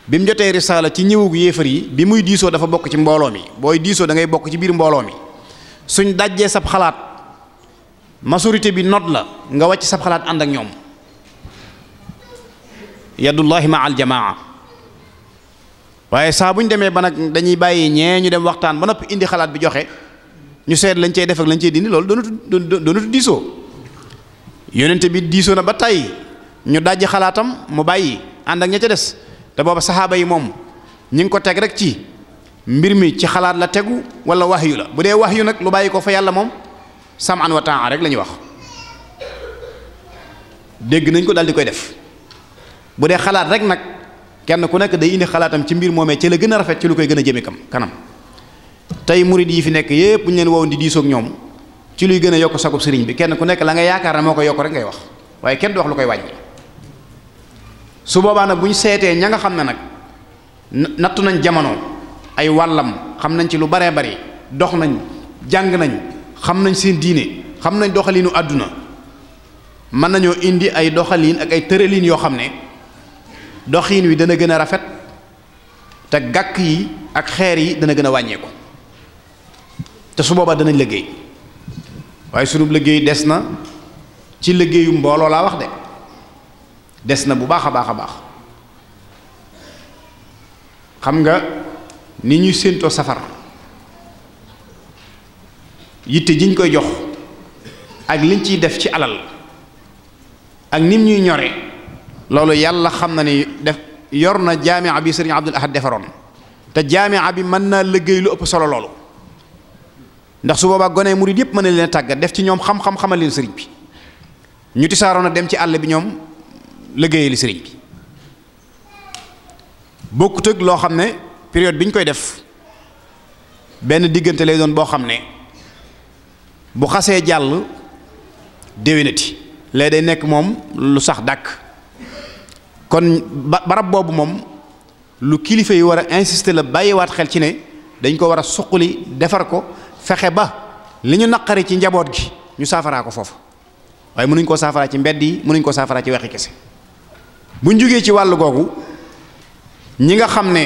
bi mu jotee risaala ci ñëwug yéefar yi bi muy diisoo dafa bokk ci mbooloo mi booy diisoo da ngay bokk ci biir mbooloo mi suñ dajjee sab xalaat majorité bi not la nga wàcc sab xalaat ànd ak ñoom yadullahi ma al waaye saa bu ñu demee ba nag dañuy bàyyi ñee ñu dem waxtaan ba noppi indi xalaat bi joxe ñu seet lañ cey def ak lañ cey dindi loolu doonatu doonatu diisoo yonente bi diisoo na ba tey ñu dajj xalaatam mu bàyyi ànd ak ña ca des te booba saxaaba yi moom ñi ngi ko teg rek ci mbir mi ci xalaat la tegu wala wax yu la bu dee wax yu nag lu bàyyi ko fa yàlla moom samaan wa taa rek la ñuy wax dégg nañ ko daal di koy def bu dee xalaat rek nag kenn ku nekk day indi xalaatam ci mbir moomee ci la gën a rafet ci lu koy gën a jëme kam kanam tey murid yi fi nekk yépp bu ñu leen wowoon di diisoog ñoom ci luy gën a yokk sagub sëriñ bi kenn ku nekk la nga yaakaar na moo ko yokk rek ngay wax waaye kenn du wax lu koy wàññi su boobaa nag bu ñu seetee ña nga xam ne nag nattu nañ jamono ay wàllam xam nañ ci lu baree bari dox nañ jàng nañ xam nañ seen diine xam nañ doxaliinu àdduna mën nañoo indi ay doxaliin ak ay tëraliin yoo xam ne doxiin wi dana gën a rafet te gàkk yi ak xeer yi dana gën a wàññeeku te su boobaa danañ liggéey waaye sunub liggéey des na ci liggéeyu mbooloo laa wax de des na bu baax a baax a baax xam nga ni ñuy séentoo safar yitte jiñ koy jox ak liñ ciy def ci alal ak nit ñuy ñore loolu yàlla xam na ni def yor na jaamia bi sëriñ Abdul Ahad defaroon te jaamia bi mën naa liggéey lu ëpp solo loolu ndax su boobaa gone murid yëpp mën na leen tàggat def ci ñoom xam-xam xamal leen sëriñ bi ñu tisaaroon a dem ci àll bi ñoom liggéeyali sëriñ bi bokkut loo xam ne période bi ñu koy def benn diggante lay doon boo xam ne bu xasee jàll déwénati lay day nekk moom lu sax dàkk kon barab boobu moom lu kilifa yi war a insister la bàyyiwaat xel ci ne dañ ko war a suqali defar ko fexe ba li ñu naqari ci njaboot gi ñu saafaraa ko foofu waaye mënuñ koo saafaraa ci mbedd yi mënuñ koo saafaraa ci waxi kese buñ jógee ci wàll googu ñi nga xam ne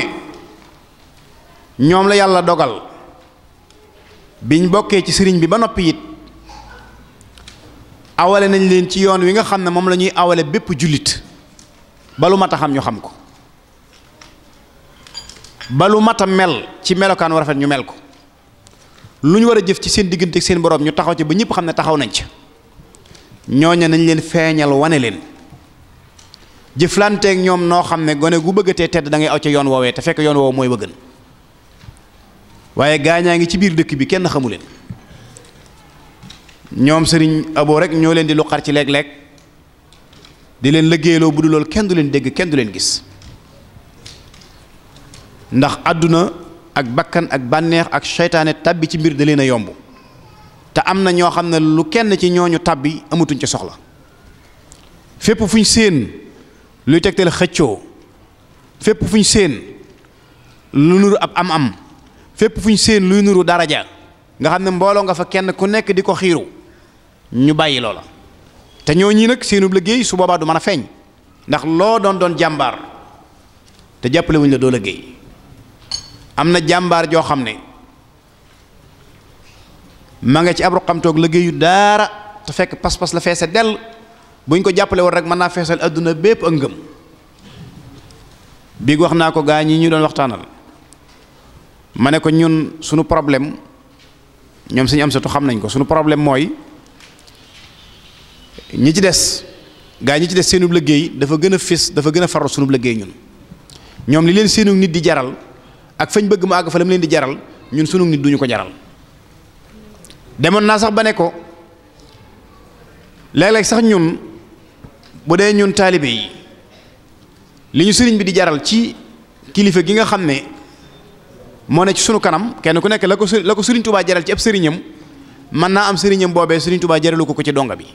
ñoom la yàlla dogal biñ bokkee ci sëriñ bi ba noppi it awale nañ leen ci yoon wi nga xam ne moom la ñuy awale bépp jullit balu mata xam ñu xam ko balu lu mel ci melokaan wu rafet ñu mel ko lu ñu war a jëf ci seen diggante ak seen boroom ñu taxaw ci ba ñëpp xam ne taxaw nañ ci ñooñu nañ leen feeñal wane leen jëflanteeg ñoom noo xam ne gone gu bëggatee tedd dangay aw ca yoon woowee te fekk yoon woowu mooy wëgën waaye ñaa ngi ci biir dëkk bi kenn xamu leen ñoom sëriñ aboo rek ñoo leen di luqar ci léeg-léeg di leen liggéeyloo bu du loolu kenn du leen dégg kenn du leen gis ndax àdduna ak bakkan ak bànneex ak seytaane tàbbi ci mbir da leen a yomb te am na ñoo xam ne lu kenn ci ñooñu tàbbi amatuñ ci soxla fépp fuñ séen luy tegtal xëccoo fépp fuñ séen lu nuru ab am-am fépp fuñ séen luy nuru daraja nga xam ne mbooloo nga fa kenn ku nekk di ko xiiru ñu bàyyi loola. te ñoo ñii nag seenub liggéey su boobaa du mën a feeñ ndax loo doon doon jàmbaar te jàppalewuñ wuñ la doo léggéey am na jàmbaar joo xam ne ma nga ci ab ruqam toog liggéeyu daara te fekk pas-pas la feese dell buñ ko jàppale woon rek mën naa feesal àdduna bépp ak ngëm biig wax naa ko gaa ñi ñu doon waxtaanal ma ne ko ñun sunu problème ñoom suñu am satu xam nañ ko sunu problème mooy ñi ci des gaa ñi ci des seenub liggéey dafa gën a fés dafa gën a farlu sunub liggéey ñun ñoom li leen seenu nit di jaral ak fañ bëgg mu àgg fa la mu leen di jaral ñun sunu nit duñu ko jaral demoon naa sax ba ne ko léeg sax ñun bu dee ñun taalibe yi li ñu sëriñ bi di jaral ci kilifa gi nga xam ne moo ne ci sunu kanam kenn ku nekk la ko la ko sëriñ Tuubaa jaral ci ab sëriñam mën naa am sëriñam boobee sëriñ Tuubaa jaralu ko ko ci donga bi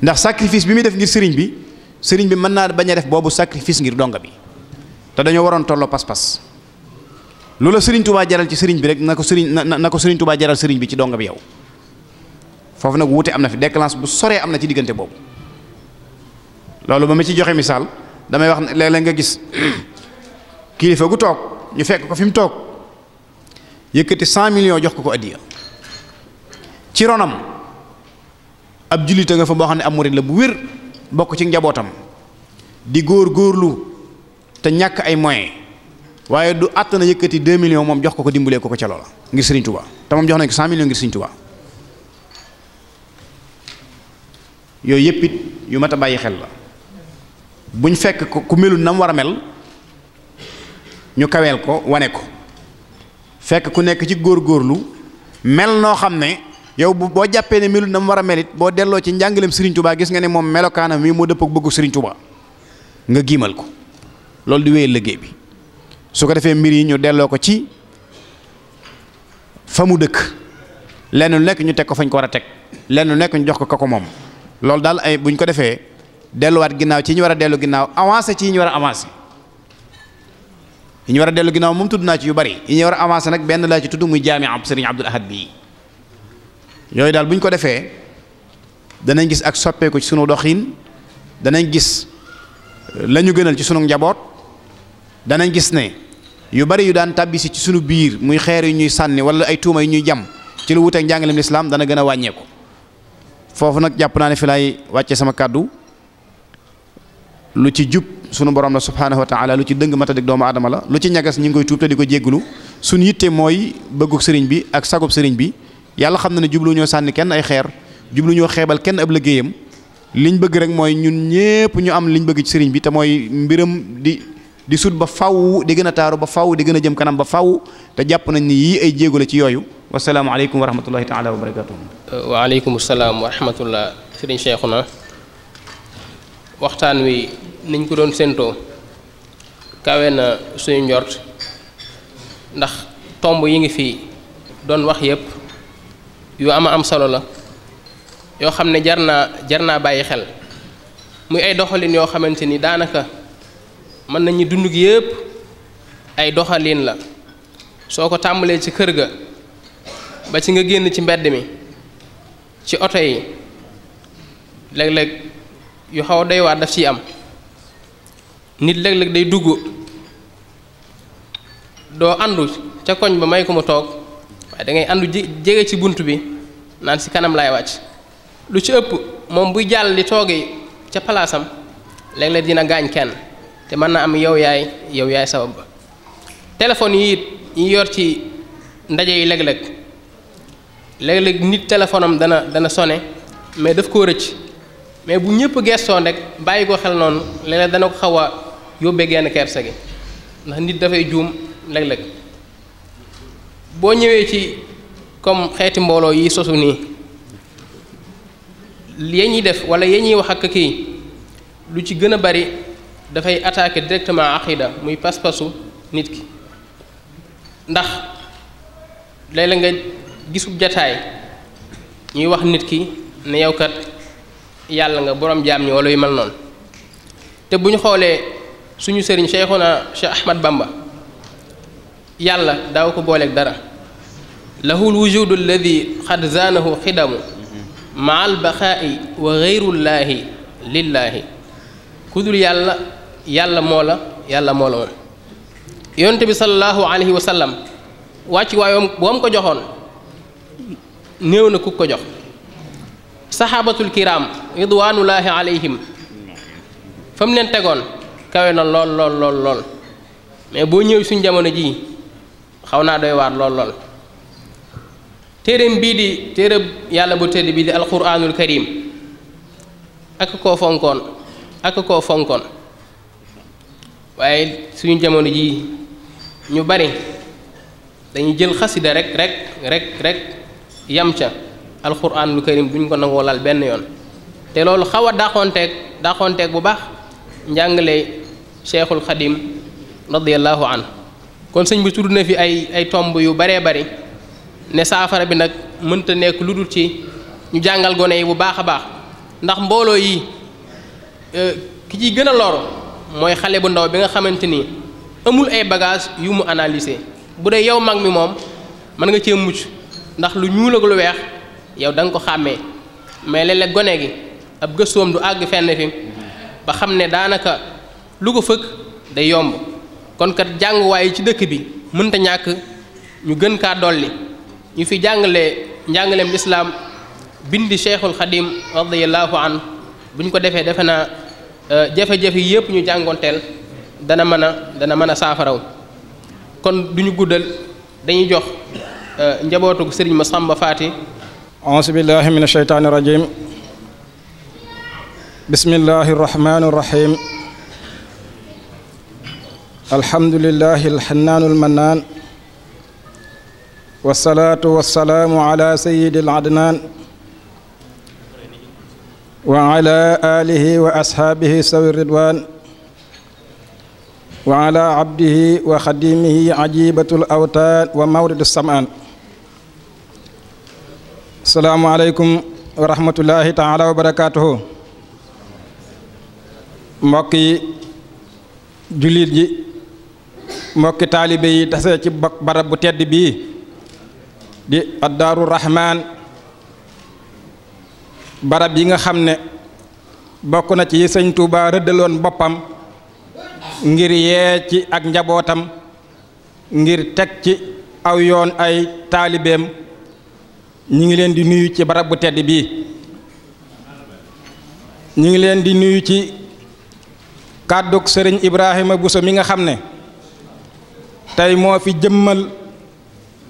ndax sacrifice bi muy def ngir sëriñ bi sëriñ bi mën naa bañ a def boobu sacrifice ngir donga bi te dañoo waroon tolloo pas-pas loola sëriñ tubaa jaral ci sëriñ bi rek na ko sëriñ na ko sëriñ tubaa jaral sëriñ bi ci donga bi yow foofu nag wuute am na fi déclenche bu soree am na ci diggante boobu loolu ba ma ci joxe misaal damay wax ne léeg nga gis kilifa gu toog ñu fekk ko fi mu toog yëkkati 100 million jox ko ko addiya ci ronam. ab jullit nga fa boo xam ne am murit la bu wér bokk ci njabootam di góor góorlu te ñàkk ay moyens waaye du àtt na yëkkati 2 million moom jox ko ko dimbalee ko ko ca loola ngir Sëriñ Tuubaa te moom jox nañ ko 100 millions ngir Sëriñ Tuubaa yooyu yëpp it yu mat a bàyyi xel la buñ fekk ko ku melul na war a mel ñu kaweel ko wane ko fekk ku nekk ci góor góorlu mel noo xam ne yow bu boo jàppee ne melut na mu war a melit boo delloo ci njàngaleem Serigne Touba gis nga ne moom melokaanam mii moo dëpp ak bëggu Serigne Touba nga giimal ko loolu di wéyal liggéey bi su ko defee mbir yi ñu delloo ko ci fa mu dëkk lenn lu nekk ñu teg ko fañ ko war a teg lenn lu nekk ñu jox ko ko moom loolu daal ay buñ ko defee delluwaat ginnaaw ci ñu war a dellu ginnaaw avancé ci ñu war a avancé yi ñu war a dellu ginnaaw moom tudd naa ci yu bari yi ñu war a avancé laa tudd muy jaami ab Serigne Abdoul Ahad bii. yooyu daal bu ñu ko defee danañ gis ak soppeeku ci sunu doxin danañ gis euh, lañu ñu gënal ci sunu njaboot danañ gis ne yu bari yu daan tàbbisi ci sunu biir muy xeer yu ñuy sànni wala ay tuuma yu ñuy jam ci lu wuteeg njàngaleem lislaam dana gën a wàññeeku foofu nag jàpp naa ne fi laay wàcce sama kàddu lu ci jub sunu borom la subhaanahu wa taala lu ci dëng mata dëgg doomu aadama la lu ci ñagas ñu ngi koy tuub te di ko jégglu sunu yitte mooy bëggu sëriñ bi ak sagub sëriñ bi yàlla xam na ne jublu ñoo sànni kenn ay xeer jublu ñoo xeebal kenn ab liggéeyam liñ bëgg rek mooy ñun ñépp ñu am liñ bëgg ci sëriñ bi te mooy mbiram di di sut ba faw di gën a taaru ba faw di gën a jëm kanam ba faw te jàpp nañ ni yii ay jéego la ci yooyu wasalaamaaleykum wa rahmatullahi taala wa barakaatu. waaleykum salaam wa rahmatullah sëriñ Cheikhouna waxtaan wi niñ ko doon séentoo kawe na suñu njort ndax tomb yi ngi fi doon wax yépp yu ama am solo la yoo xam ne jar naa jar naa bàyyi xel muy ay doxalin yoo xamante ni daanaka mën nañu dund gi yépp ay doxalin la soo ko tàmbalee ci kër ga ba ci nga génn ci mbedd mi ci oto yi léeg-léeg yu xaw a doy waar daf ciy am nit léeg-léeg day dugg doo àndu ca koñ ba may ko mu toog dangay da ngay àndu jege ci bunt bi naan si kanam laay wàcc lu ci ëpp moom buy jàll di toogee ca palaasam léeg dina gaañ kenn te mën naa am yow yaay yow yaay sabab ba téléphone yi yi yor ci ndaje yi léeg-léeg léeg-léeg nit téléphone am dana dana sone mais daf koo rëcc mais bu ñëpp gestoon rek bàyyi ko xel noonu léeg-léeg dana ko xaw a yóbbee genn kersa gi ndax nit dafay juum léeg-léeg boo ñëwee ci comme xeeti mbooloo yiy sosu nii yee ñuy def wala yee ñuy wax ak kii lu ci gën a bari dafay attaquer directement aqida muy pas-pasu nit ki ndax léeg-léeg nga gisu jataay ñuy wax nit ki ne yow kat yàlla nga borom jaam ñi walla yu mel noonu te bu ñu xoolee suñu sëriñ Cheikhuna Cheikh Ahmad Bamba yàlla daaw ko booleeg dara lahul wujudu alladi xad zaanahu xidamu maa albaxaa'i wa xeyrullaahi lillaahi ku dul yàlla yàlla moo la yàlla moo la moom yonent bi salallaahu alayhi wa wàcc waayoom boom ko joxoon néew na ku ko jox saxaabatul kiraam ridwaanulaahi alayhim fa mu tegoon kawe na lool lool lool mais boo ñëwee suñ jamono ji xaw naa doy waar lool lool téereem bii di téereb yàlla bu tëdd bii di alquranul karim ak koo fonkoon ak koo fonkoon waaye suñu jamono ji ñu bari dañu jël xasida rek rek rek rek yam ca alquranul karim duñ ko nangoo benn yoon te loolu xaw a daaxoonteeg daaxoonteeg bu baax njàngale cheikhul xadim radiallahu anhu kon sëñ bi tudd na fi ay ay tomb yu baree bari ne saafara bi nag mënta nekk lu dul ci ñu jàngal gone yi bu baax a baax ndax mbooloo yi e, ki ciy gën a loro mooy xale bu ndaw bi nga xamante ni amul ay bagage yu mu analyser bu dee yow mag mi moom mën nga cee mucc ndax lu ñuul ak lu weex yow da nga ko xàmmee mais léeg gone gi ab gëstoom du àgg fenn fi ba xam ne daanaka lu ko fëkk day yomb kon kat jànguwaay ci dëkk bi mënta ñàkk ñu gën kaa dolli ñu fi jàngale njàngaleem lislaam bind cheikhul xadim radiallahu an bu ñu ko defee defe naa euh, jafe-jafe yëpp ñu jàngoonteel dana mën a dana mën a saafaraw kon du ñu guddal dañuy jox euh, njabootu sëriñ Masamba Faati auzu billahi min asheytaani rajim bismillahi rahmaani rahim alhamdulilah alxanaan almanaan wasalaatu wasalaamu ala sayidi aladnaan wa ala alihi wa ashaabihi sawi ridwaan wa ala abdihi wa xadimihi ajibatu lawtaan wa mawridu samaan asalaamu aleykum wa rahmatullahi taala wa barakatuhu mbokk yi jullit ji mbokki taalibe yi tase ci barab bu tedd bii di addaaru rahmaan barab yi nga xam ne bokk na ci sëñtu Touba rëddaloon boppam ngir yee ci ak njabootam ngir teg ci awyoon ay taalibeem ñi ngi leen di nuyu ci barab bu tedd bii ñi ngi leen di nuyu ci kàddug sëriñ Ibrahima Bousso mi nga xam ne tey moo fi jëmmal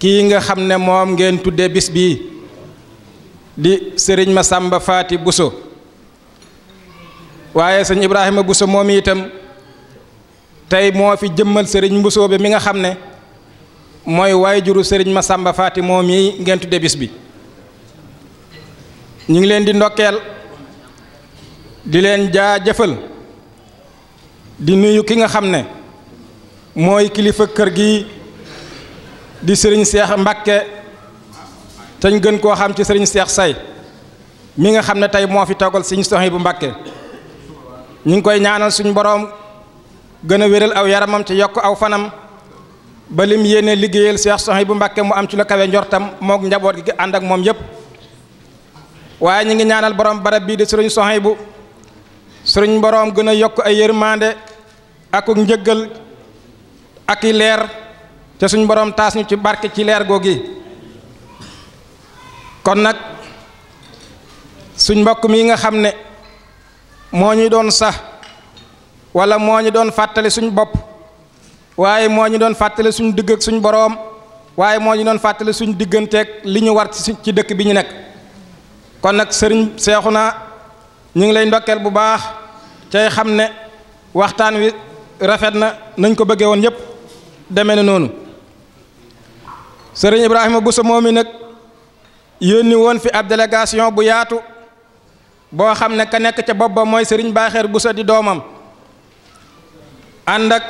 kii nga xam ne moom ngéntu tudde bi di sëriñ ma sàmba Faati Buso waaye sëñ ibraahima Buso moom itam tey moo fi jëmmal sëriñ Buso bi mi nga xam ne mooy waajuru sëriñ ma sàmba Faati moom yi ngeen tudde bi ñu ngi leen di ndokkeel di leen jaajëfal di nuyu ki nga xam ne mooy kilifa kër gi di sëriñ seex Mbàkke te ñu gën koo xam ci sëriñ seex say mi nga xam ne tey moo fi toggal sëriñ bu Mbàkke ñu ngi koy ñaanal suñu boroom gën a wéral aw yaramam ci yokk aw fanam ba lim yéene liggéeyal seex bu mbakke mu am ci la kawe njortam mook njaboot gi ànd ak moom yépp waaye ñu ngi ñaanal borom barab bii di sëriñ Sohaybu sëriñ mboroom gën a yokk ay yërmande ak njëggal ak i leer te suñ borom taas ñu ci barke ci leer googi kon nag suñ mbokk mi nga xam ne moo ñu doon sax wala moo ñu doon fàttali suñ bopp waaye moo ñu doon fàttali suñ digg suñ boroom waaye moo ñu doon fàttali suñ digganteeg li ñu war ci dëkk bi ñu nekk kon nag sëriñ seexu Seexuna ñu ngi lay ndokkeel bu baax cay xam ne waxtaan wi rafet na nañ ko bëggee woon yépp deme na noonu sëriñ Ibrahima Bousso moom mi nag yónni woon fi ab délégation bu yaatu boo xam ne ka nekk ca bopp ba mooy sëriñ Baaxeer Bousso di doomam ànd ak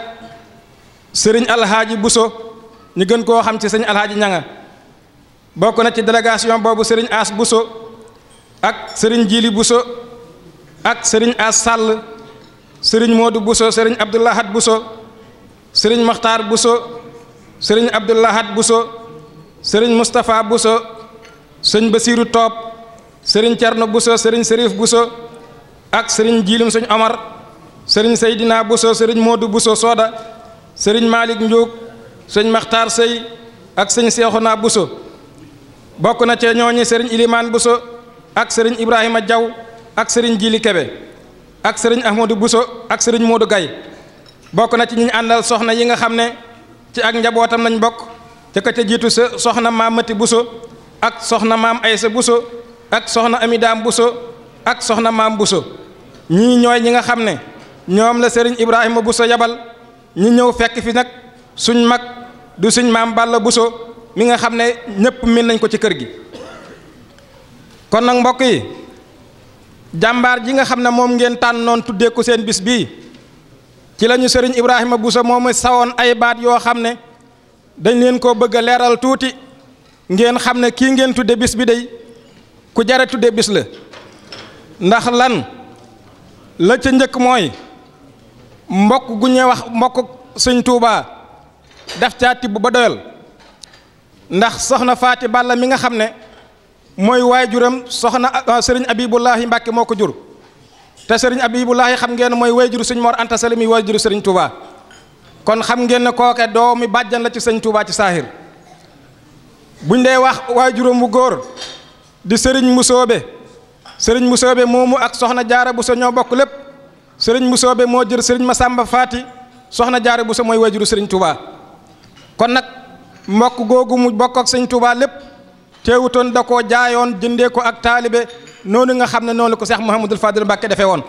sëriñ Alhaaji buso ñu gën koo xam ci sëriñ Alhaaji Ñanga bokk na ci délégation boobu sëriñ As Bousso ak sëriñ Jili buso ak sëriñ As Sàll sëriñ Moodu Bousso sëriñ Abdoulahat Bousso sëriñ Maxtaar Buso sëriñ Abdoulahat Buso sëriñ Moustapha Buso sëñ Basiiru Toob sëriñ Cerno Buso sëriñ Sërif Buso ak sëriñ Jiilim sëñ Omar sëriñ Seydina Buso sëriñ Moodu Buso Sooda sëriñ Maalik Njuug sëñ Maxtaar Sëy ak sëñ Seexuna Buso bokk na cee ñooñi sëriñ Ilimaan Buso ak sëriñ Ibrahima Jaw ak sëriñ Jili Kebe ak sëriñ Ahmadou Buso ak sëriñ Moodu Gay bokk na ci ñu àndal soxna yi nga xam ne ci ak njabootam lañ bokk ca ka ca jiitu sa soxna maam Mati Buso ak soxna maam Aysa Buso ak soxna Amidaam Buso ak soxna maam Buso ñii ñooy ñi nga xam ne ñoom la sëriñ Ibrahima bu so yabal ñi ñëw fekk fi nag suñ mag du suñ maam Balla Buso mi nga xam ne ñépp min nañ ko ci kër gi kon nag mbokk yi jàmbaar ji nga xam ne moom ngeen tànnoon tuddee ko seen bis bii ci la ñu sëriñ Ibrahima moo moomu sawoon ay baat yoo xam ne dañ leen koo bëgg a leeral tuuti ngeen xam ne kii ngeentu tudde bis bi day ku jare tudde bis la ndax lan la ca njëkk mooy mbokk gu ñuy wax mbokk sëñ Tuubaa def caa tibb ba doyal ndax soxna Faati Balla mi nga xam ne mooy waay waajuram soxna sëriñ Abibullahi Mbàkke moo ko jur te sëriñ Abibulaahi xam ngeen mooy wayjuru sëñ Mor Anta Sali mi wayjuru sëriñ Touba kon xam ngeen ne kooke mi bàjjan la ci sëñ Touba ci saahir buñ dee wax waajuram bu góor di sëriñ Musoobe sëriñ Musoobe moomu ak soxna jaare bu ñoo bokk lépp sëriñ Musoobe moo jër sëriñ sàmba Faati soxna Jaara Buso mooy wayjuru sëriñ Touba kon nag mbokk googu mu bokk ak lépp teewutoon da koo jaayoon jëndee ko ak taalibe noonu nga xam ne noonu ko sax Mouhamadul Fadil Mbacke defee woon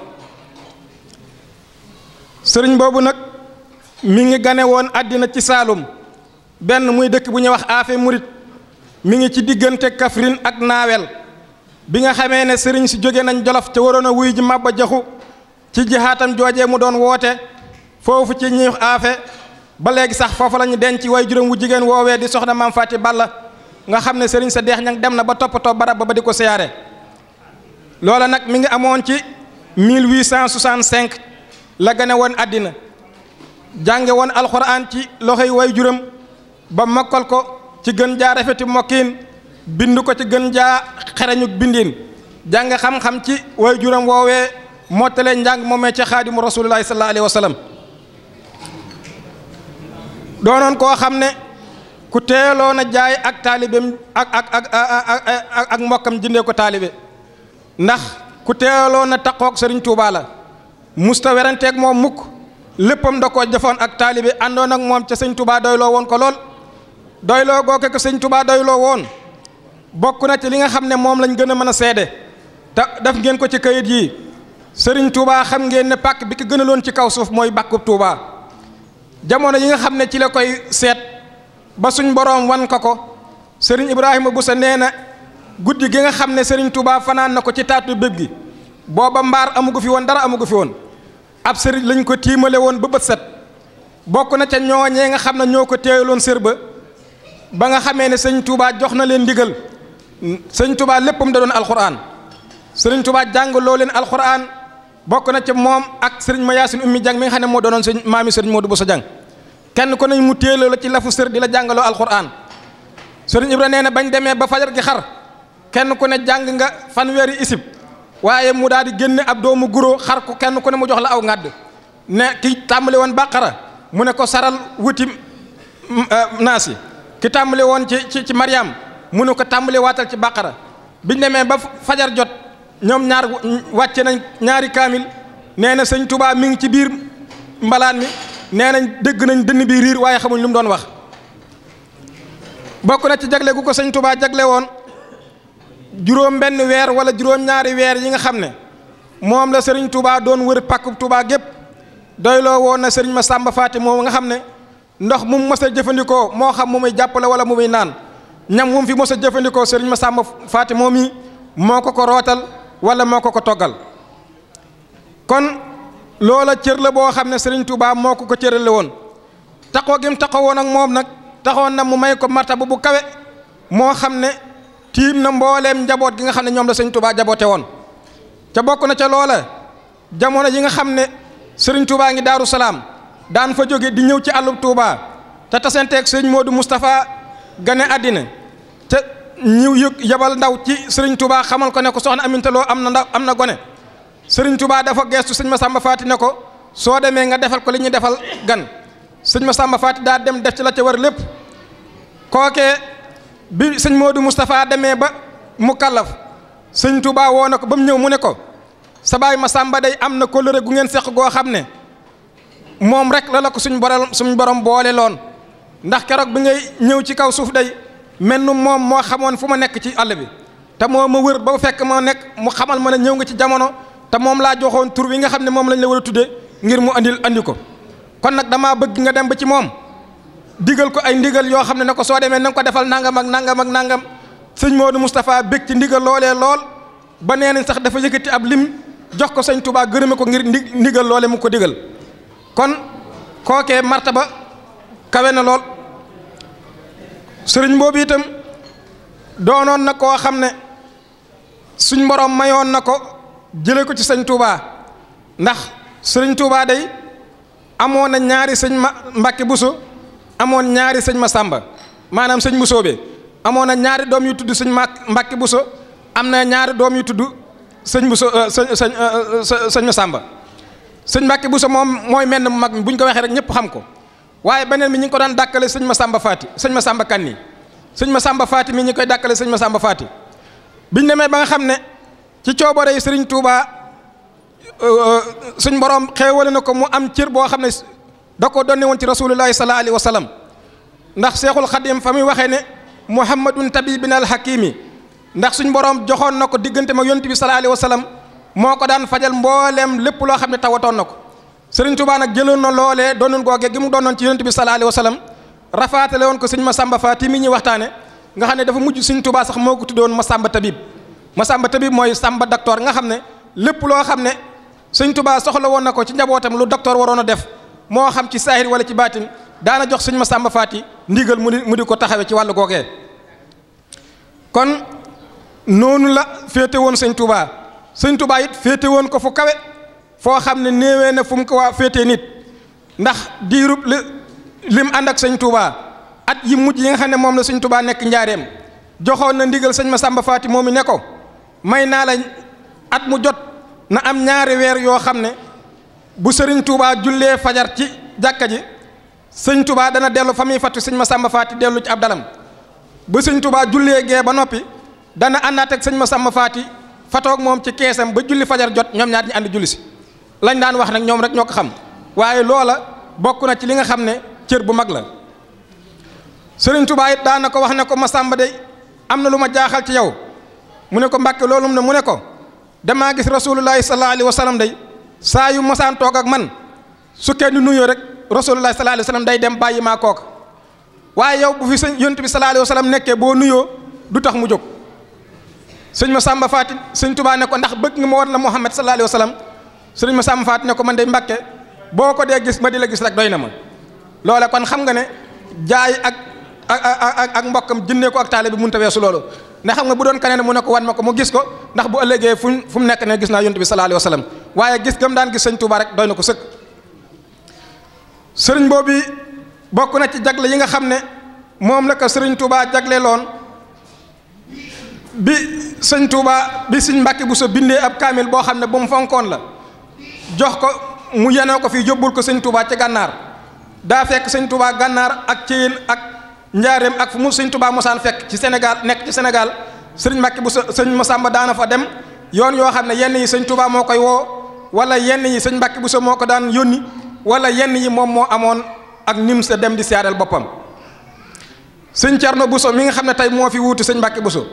sëriñ boobu nag mi ngi gane woon àddina ci Saalum benn muy dëkk bu ñuy wax Afe Murit mu ngi ci diggante Kaffrine ak Naawel bi nga xamee ne sëriñ si jóge nañ Jolof te waroon wuy ji Màbba Jaxu ci jihaatam jooje mu doon woote foofu ci ñuy Afe ba léegi sax foofu lañu ñu denc way juróom wu jigéen woowee di soxna maam Faati Balla nga xam ne sëriñ sa deex ñang dem na ba toppatoo barab ba ba di ko siyaare loola nag mi ngi amoon ci 1865 la gane woon àddina jànge woon alxuraan ci loxoy way juram ba mokkal ko ci gën jaa rafeti mokkiin bind ko ci gën jaa xereñuk bindiin jàng xam-xam ci way juram woowee mottalee njàng moomee ci xaadimu rasulillahi sallallahu alayhi doonoon koo xam ne ku teeloon jaay ak taalibeem ak ak ak mbokkam jëndee ko taalibe ndax ku teeloo na taqoog sëriñ Tuubaa la musta weranteeg moom mukk léppam da koo defoon ak taalibe àndoon ak moom ca sëñ Tuubaa doyloo woon ko lool doyloo gooke ko sëñ Tuubaa doyloo woon bokk na ci li nga xam ne moom lañ gën a mën a seede te def ngeen ko ci kayit yi sëriñ Tuubaa xam ngeen ne pàkk bi ko loon ci kaw suuf mooy bàkkub Tuubaa jamono yi nga xam ne ci la koy seet ba suñ borom wan ko ko sëriñ Ibrahima sa nee na guddi gi nga xam ne Serigne Touba fanaan na ko ci taatu béb gi booba mbaar amugu fi woon dara amugu fi woon ab sëriñ lañ ko tiimale woon ba bët set bokk na ca ñooñee nga xam ne ñoo ko teeyaloon sër ba ba nga xamee ne sëñ Touba jox na leen ndigal sëñ Touba léppam da doon alxuraan sëriñ Touba jàngaloo leen alxuraan bokk na ca moom ak sëriñ ma yaasin ummi jàng mi nga xam ne moo doonoon sëñ maami sëriñ Modou Bousso jàng kenn ko nañ mu téeloo la ci lafu sër di la jàngaloo alxuraan sëriñ Ibra nee na bañ demee ba fajar gi xar kenn ku ne jàng nga fanweeri isib waaye mu daal di génne ab doomu guro xar ko kenn ku ne mu jox la aw ngàdd ne ki tàmbali woon bàqara mu ne ko saral wuti mm, euh, naasi ki tàmbali woon ci ci ci mariam mu ne ko tàmbali waatal ci bàqara biñ demee ba fajar jot ñoom ñaar mm, wàcce nañ ñaari kaamil nee na sëñ tubaa mi ngi ci biir mbalaan mi nee nañ dëgg nañ dënn bi riir waaye xamuñ lum doon wax bokk na ci jagle gu ko sëñ tubaa jagle woon juróom benn weer wala juróom-ñaari weer yi nga xam ne moom la sëriñ Touba doon wër pàkkub Touba gépp doyloo woon na sëriñ Massamba Faty moom nga xam ne ndox mu mos a jëfandikoo moo xam mu muy jàppale wala mu naan ñam mu mos a jëfandikoo sëriñ Massamba Faty moom yi moo ko ko rootal wala moo ko ko toggal kon loola cër la boo xam ne sëriñ Touba moo ko ko cërale woon taxoo gim taxawoon ak moom nag taxoon nag mu may ko martaba bu kawe moo xam ne. tiim na mbooleem njaboot gi nga xam ne ñoom la sëñ tubaa jaboote woon ca bokk na ca loola jamono yi nga xam ne sëriñ tubaa ngi daaru salaam daan fa jóge di ñëw ci àllub tuubaa te tasanteeg sëñ moodu moustapha gane àddina ca ñiw yëg yabal ndaw ci sëriñ tubaa xamal ko ne ko soxna amintaloo am na ndaw am na gone sëriñ tubaa dafa geestu sëñ samba faati ne ko soo demee nga defal ko li ñuy defal gan sëñ samba faati daa dem def ci la ca war lépp kookee bi sëñ moo Modou Moustapha demee ba mu kallaf sëñ Touba woo na ko ba mu ñëw mu ne ko sa baay sàmba day am na kóllëre gu ngeen seq goo xam ne moom rek la la ko suñ borom suñ borom boole loon ndax keroog bi ngay ñëw ci kaw suuf day mel nu moom moo xamoon fu ma nekk ci àll bi te moo ma wër ba fekk ma nekk mu xamal ma ne ñëw nga ci jamono te moom laa joxoon tur wi nga xam ne moom lañ la war a tuddee ngir mu andil andi ko kon nag damaa bëgg nga dem ba ci moom. digal ko ay ndigal yoo xam ne ne ko soo demee na nga ko defal nangam ak nangam ak nangam sëñ Modou Moustapha bég ci ndigal loolee lool ba nee ne sax dafa yëkkati ab lim jox ko sëñ Touba gërëme ko ngir ndigal loole mu ko digal kon kookee martaba kawe na lool sëriñ boobu itam doonoon na koo xam ne suñ borom mayoon na ko jële ko ci sëñ Touba ndax sëriñ Touba day amoon na ñaari sëñ Mbacke Bousso amoon ñaari sëñ Masamba maanaam sëñ Musoobe amoon na ñaari doom yu tudd sëñ Mbàkke Buso am na ñaari doom yu tudd sëñ Buso euh, sëñ sëñ euh, sàmba Masamba sëñ Mbàkke Buso moom mooy menn mu mag mi buñ ko waxee rek ñëpp xam ko waaye beneen mi ñu ngi ko daan dàkkale sëñ Masamba Faati sëñ Masamba Kanni sëñ Masamba Faati mi ñu koy dàkkale sëñ Masamba Faati biñ demee ba nga xam ne ci coobare yi sëriñ Touba euh, suñ borom xéewale na ko mu am cir boo xam ne. da ko donne woon ci rasulullahi sallallahu alayhi wa sallam ndax seexul xadim fa muy waxee ne muhammadun tabibina alhakimi ndax suñ borom joxoon na ko diggante ma yontu bi sallallahu alayhi wa sallam moo ko daan fajal mbooleem lépp loo xam ne tawatoon na ko sëriñ Tuubaa nag jëloon na loolee doonoon googee gi mu doonoon ci yontu bi sallallahu alayhi wa woon ko sëñ Masamba Faati mi ñuy waxtaane nga xam ne dafa mujj sëñ Tuubaa sax moo ko tuddoon Masamba Tabib Masamba Tabib mooy Samba docteur nga xam ne lépp loo xam ne sëñ Tuubaa soxla woon na ko ci njabootam lu docteur waroon a def moo xam ci saahir wala ci baatin daana jox sëñ ma Masamba Faati ndigal mu di mu di ko taxawe ci wàllu googee kon noonu la féete woon sëñ Touba sëñ Touba it féete woon ko fu kawe foo xam ne néewee na fu ko waa féete nit ndax diirub li lim ànd ak sëñ Touba at yi mujj yi nga xam ne moom la sëñ Touba nekk njaareem joxoon na ndigal sëñ Masamba Faati moom i ne ko may naa la at mu jot na am ñaari weer yoo xam ne. bu sëriñ Touba jullee fajar ci jàkka ji sëñ Touba dana dellu fa muy fattu ma Masamba Faati dellu ci ab dalam bu sëñ Touba jullee gee ba noppi dana àndaat ak sëñ Masamba Faati fatoog moom ci keesam ba julli fajar jot ñoom ñaar ñu ànd julli si lañ daan wax nag ñoom rek ñoo ko xam waaye loola bokk na ci li nga xam ne cër bu mag la sëriñ Touba it daan ko wax ne ko ma Masamba de am na lu ma jaaxal ci yow mu ne ko Mbàkke loolu na mu ne ko damaa gis rasulullahi sallallahu alayhi wa sallam day saa yu mosaan toog ak man su kenn nuyoo rek rasulullah sallallahu alayhi wa sallam day dem bàyyi maa kooka waaye yow bu fi sëñ yonent bi sallallahu alayhi wa sallam nekkee boo nuyoo du tax mu jóg sëñ ma sàmba faati sëñ tubaa ne ko ndax bëgg nga ma war la muhammad sallallahu alayhi wa sallam sëñ ma sàmba faati ne ko man day mbàkke boo ko dee gis ma di la gis rek doy na ma loola kon xam nga ne jaay ak ak ak mbokkam jëndee ko ak taale bi mënut a weesu loolu ndax xam nga bu doon kaneen mu ne ko wan ma ko mu gis ko ndax bu ëllëgee fuñ fu mu nekk ne gis naa yonent bi sallallahu alayhi wa sallam waaye gis gam daan gis sëñ Touba rek doy na ko sëkk sëriñ boobu bokk na ci jagle yi nga xam ne moom la ko sëriñ Touba loon bi sëñ Touba bi sëñ Mbàkke bu sa bindee ab kaamil boo xam ne bu mu fonkoon la jox ko mu yenoo ko fii yóbbul ko sëñ Touba ci gànnaar daa fekk sëñ Touba gànnaar ak Ceyeen ak Njaareem ak mu sëñ Touba mosaan fekk ci senegal nekk ci senegal sëriñ Mbàkke bu sa sëñ Masamba daana fa dem yoon yoo xam ne yenn yi sëñ Touba moo koy woo. wala yenn yi sëñ Mbàkke Bousso moo ko daan yónni wala yenn yi moom moo amoon ak nim sa dem di siyaareel boppam sëñ Thierno Bousso mi nga xam ne tey moo fi wuutu sëñ Mbàkke Bousso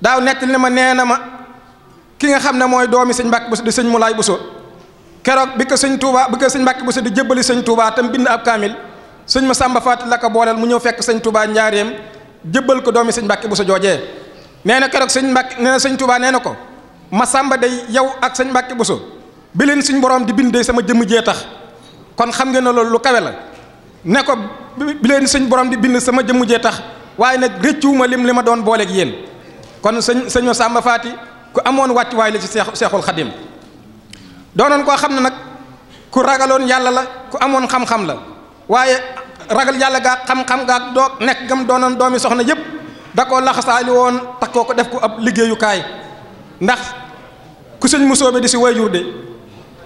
daaw nettali ne ma nee na ma ki nga xam ne mooy doomi sëñ Mbàkke Bousso di sëñ Moulay Bousso keroog bi ko sëñ Touba bi ko sëñ Mbàkke Bousso di jébbali sëñ Touba tam bind ab kaamil sëñ ma Samba Faati la ko booleel mu ñëw fekk sëñ Touba njaareem jébbal ko doomi sëñ Mbàkke Bousso joojee nee na keroog sëñ Mbàkke nee sëñ Touba nee na ko ma sàmba day yow ak sëñ Mbàkke Bousso bileen suñ borom di bindee sama jëmm jee tax kon xam nga ne loolu lu kawe la ne ko bi leen suñ borom di bind sama jëmm jee tax waaye nag rëccuwuma lim li ma doon booleeg yéen kon sëñ sëñ sàmba Faati ku amoon wàccuwaay la ci seex seexul xadim doonoon koo xam ne nag ku ragaloon yàlla la ku amoon xam-xam la waaye ragal yàlla gaa xam-xam gaa doo nekk gam doomi soxna yëpp da koo laxasaali woon koo ko def ko ab liggéeyukaay ndax ku sëñ musóobe di si wayjur de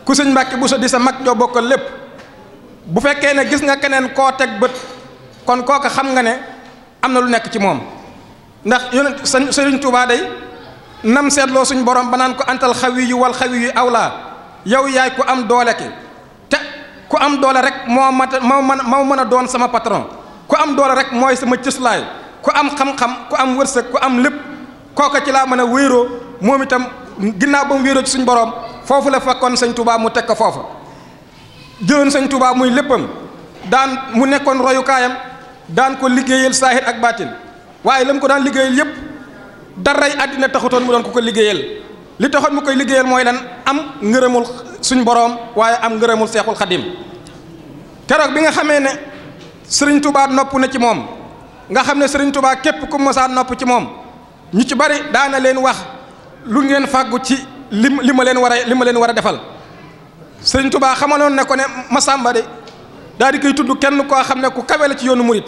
ku sëñ bu Buso di sa mag joo bokkal lépp bu fekkee ne gis nga keneen koo teg bët kon kooka xam nga ne am na lu nekk ci moom ndax yonent sëriñ Tuubaa day nam seetloo suñ borom ba naan ko antal xawi yu wal xawi yu awlaa yow yaay ku am doole ki te ku am doole rek moo mat moo mën moo mën a doon sama patron ku am doole rek mooy sama cëslaay ku am xam-xam ku am wërsëg ku am lépp kooka ci laa mën a wéeroo moom itam ginnaaw ba mu wéeroo ci suñ borom foofu la fekkoon sañ Touba mu teg ko foofu jëloon sëñ Touba muy léppam daan mu nekkoon royukaayam daan ko liggéeyal saahir ak baatin waaye la ko daan liggéeyal yépp daray àddina taxutoon mu doon ko ko liggéeyal li taxoon mu koy liggéeyal mooy lan am ngërëmul suñ boroom waaye am ngërëmul seexul xadim keroog bi nga xamee ne sëriñ Touba nopp na ci moom nga xam ne sëriñ Touba képp ku mosaan nopp ci moom ñu ci bari daana leen wax lu ngeen fàggu ci li li ma leen war a li ma leen war a defal sëriñ tubaa xamaloon ne ko ne Masamba de daal di koy tudd kenn koo xam ne ku kawe la ci yoonu murit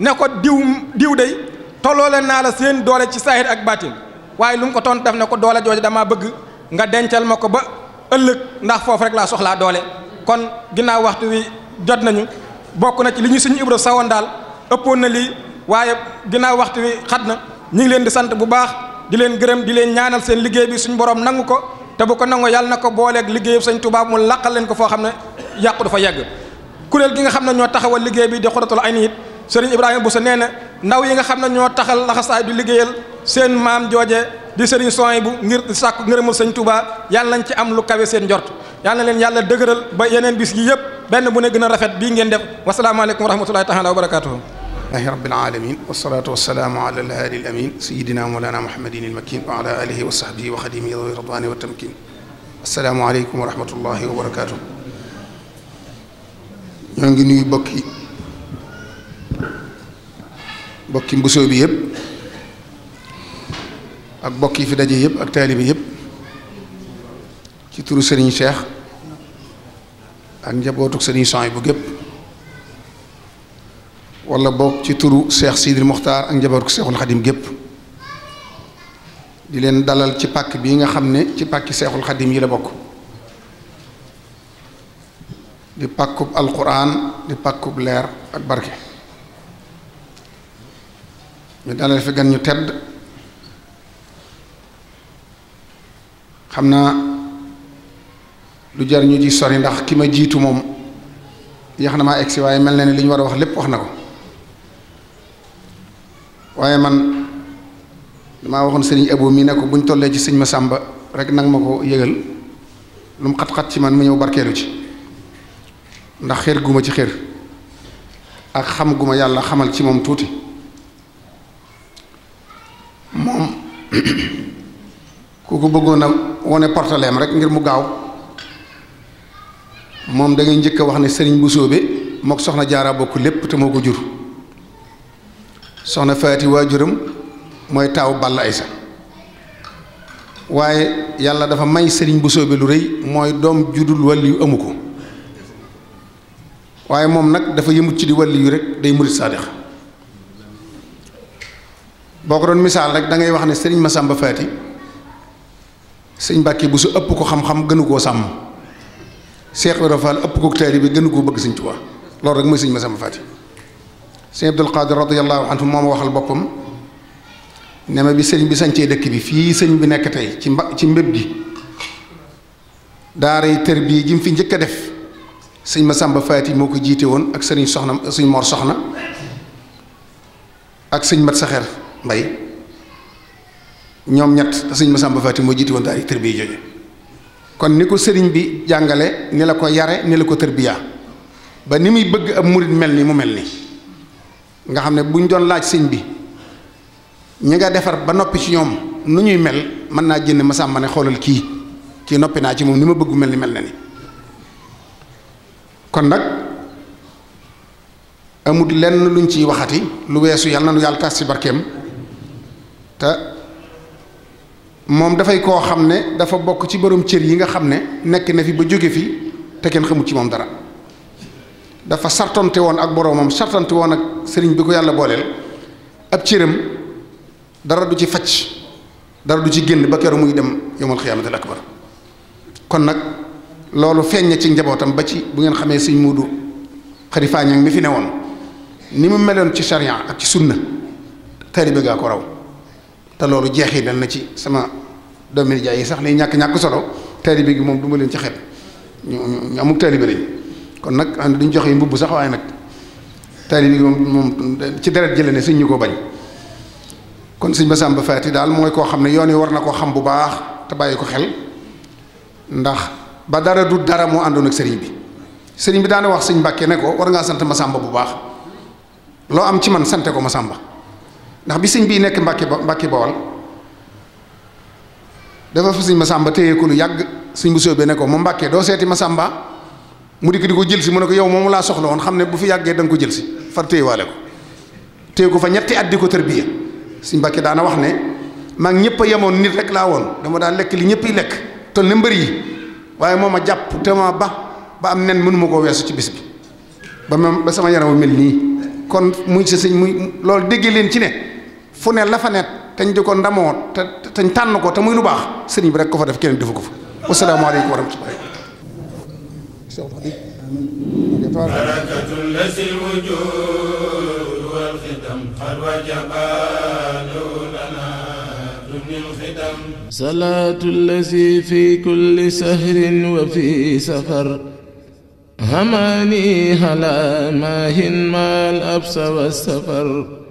ne ko diw diw day tolloole naa la seen doole ci saahir ak baatin waaye lu mu ko tont def na ko doole jooju damaa bëgg nga dencal ma ko ba ëllëg ndax foofu rek laa soxlaa doole kon ginnaaw waxtu wi jot nañu bokk na ci li ñu suñu ibra sawoon daal ëppoon na lii waaye ginnaaw waxtu wi xat na ñu ngi leen di sant bu baax di leen gërëm di leen ñaanal seen liggéey bi suñu borom nangu ko te bu ko nangoo yàlla na ko booleeg liggéeyub sëñ Tuubaa mu laqal leen ko foo xam ne yàqu du fa yegg kuréel gi nga xam ne ñoo taxawal liggéey bi di xoratul ay nit sëriñ Ibrahima Bousso nee na ndaw yi nga xam ne ñoo taxal laxasaay du liggéeyal seen maam jooje di sëriñ soy bu ngir sàkk ngërëmul sëñ Tuubaa yàlla nañ ci am lu kawe seen njort yàlla na leen yàlla dëgëral ba yeneen bis yi yëpp benn bu ne gën a rafet bii ngeen def wasalaamaaleykum wa rahmatullahi taala wa barakatuhu alhamdulilahi rabbil alamin wasalaatu wasalaamu ala alhaadi al amin sayidina mawlana muhammadin almakin wa ala alihi wa sahbihi wa xadimihi dawi ridwani wa tamkin asalaamu aleykum wa rahmatullahi wa barakaatu ñoo ngi nuyu bokki bokki mbusoo bi yëpp ak bokk yi fi daje yëpp ak taalibi yëpp ci turu sëriñ Cheikh ak njabootuk sëriñ Sohaybu bu gépp wala bokk ci turu Cheikh Sidil Mokhtar ak njaboot ko Cheikhul Xadim gépp di leen dalal ci pàkk bii nga xam ne ci pàkk pàkki Cheikhul Xadim yi la bokk di pàkkub alquran di pàkkub leer ak barke ñu dalal fi gan ñu tedd xam naa lu jar ñu ji sori ndax ki ma jiitu moom yax na maa egsi waaye mel na ne li ñu war a wax lépp wax na ko waaye man damaa waxoon sëriñ Abo mii ne ko buñ tollee ci sëñ ma sàmba rek nag ma ko yëgal lu mu xat-xat ci man mu ñëw barkeelu ci ndax xër guma ci xër ak xam guma yàlla xamal ci moom tuuti moom ku ko bëggoon a wone portaleem rek ngir mu gaaw moom da ngay njëkk wax ne sëriñ bu sóobe mook soxna jaara bokk lépp te moo ko jur soxna faati waajuram mooy taaw ball ay sa waaye yàlla dafa may sëriñ bu soobe lu rëy mooy doom judul wàll yu amu ko waaye moom nag dafa yëmut ci di wàll rek day murit saadix boo ko doon misaal rek da ngay wax ne sëriñ Masamba faati sëñ Mbàkke bu su ëpp ko xam-xam gënu koo sàmm Seex Ibra Faal ëpp ko taalibe bi gënu koo bëgg sëñ Tuubaa loolu rek mooy sëriñ Masamba faati sëñ Abdul Qadir moo ma waxal boppam ma bi sëñ bi sañcee dëkk bi fii sëñ bi nekk tey ci mba ci mbéb gi daara yi bii ji fi njëkk a def sëñ Masamba Faati moo ko jiite woon ak sëriñ soxna sëñ Mor Soxna ak sëñ Mat Saxeer Mbay ñoom ñett te sëñ Masamba Faati moo jiite woon daara yi tër bii kon ni ko sëriñ bi jàngale ni la ko yare ni la ko tërbiyaa ba ni muy bëgg ab murit mel ni mu mel ni nga xam ne buñ doon laaj sëñ bi ñu nga defar ba noppi ci ñoom nu ñuy mel mën naa génn ma sàmm ne xoolal kii kii noppi naa ci moom ni ma bëggu mel ni mel na ni kon nag amut lenn luñ ciy waxati lu weesu yàlla na nu yàlla taas ci barkeem te moom dafay koo xam ne dafa bokk ci borom cër yi nga xam ne nekk na fi ba jóge fi te kenn xamut ci moom dara dafa sartante woon ak boroomam sartante woon ak sëriñ bi ko yàlla booleel ab cëram dara du ci facc dara du ci génn ba keroog muy dem yowmal xiyaamatil akbar kon nag loolu feeñ na ci njabootam ba ci bu ngeen xamee sëñ Muudu xarifaa ñang mi fi ne woon ni mu meloon ci sariya ak ci sunna taalibe gaa ko raw te loolu jeexi dal na ci sama doomi jaay yi sax lay ñàkk ñàkk solo taalibe gi moom duma leen ci xet ñu ñu amuk taalibe lañ kon nag ànd duñ joxe mbubb sax waaye nag taali bi moom moom ci deret jële ne suñ ñu ko bañ kon suñ sëñ Massamba Faty daal mooy koo xam ne yoon yi war na koo xam bu baax te bàyyi ko xel ndax ba dara du dara moo àndoon ak sëriñ bi sëriñ bi daana wax suñ mbàkkee ne ko war ngaa sant Massamba bu baax loo am ci man sante ko ma sàmba ndax bi sëñ bii nekk Mbàkke ba Mbàkke Bawal dafa fi suñ Massamba téye ko lu yàgg suñ bu soobee ne ko mu Mbàkke doo seeti Massamba mu dikk di ko jël si mu ne ko yow moomu laa soxla woon xam ne bu fi yàggee da nga ko jël si far téyewaale ko téye ko fa ñetti at di ko tërbiya suñ Mbàkke daana wax ne maa ngi ñëpp a yemoon nit rek laa woon dama daan lekk li ñëpp yi lekk tol ne mbër yi waaye moom a jàpp te ma ba ba am nen mënuma koo weesu ci bis bi ba même ba sama yaram mel nii kon muy si sëñ muy loolu déggee leen ci ne fu ne la fa ne tañ di ko ndamoo te tañ tànn ko te muy lu baax sëriñ bi rek ko fa def keneen defu ko fa wasalaamaaleykum Cheikh Xadim barakatul lasil wujud wal xidam xal wa jabalu lana dunil xidam salaatul lazi fi kulli sahrin wa fi safar hamani hala mahin mal absa wa safar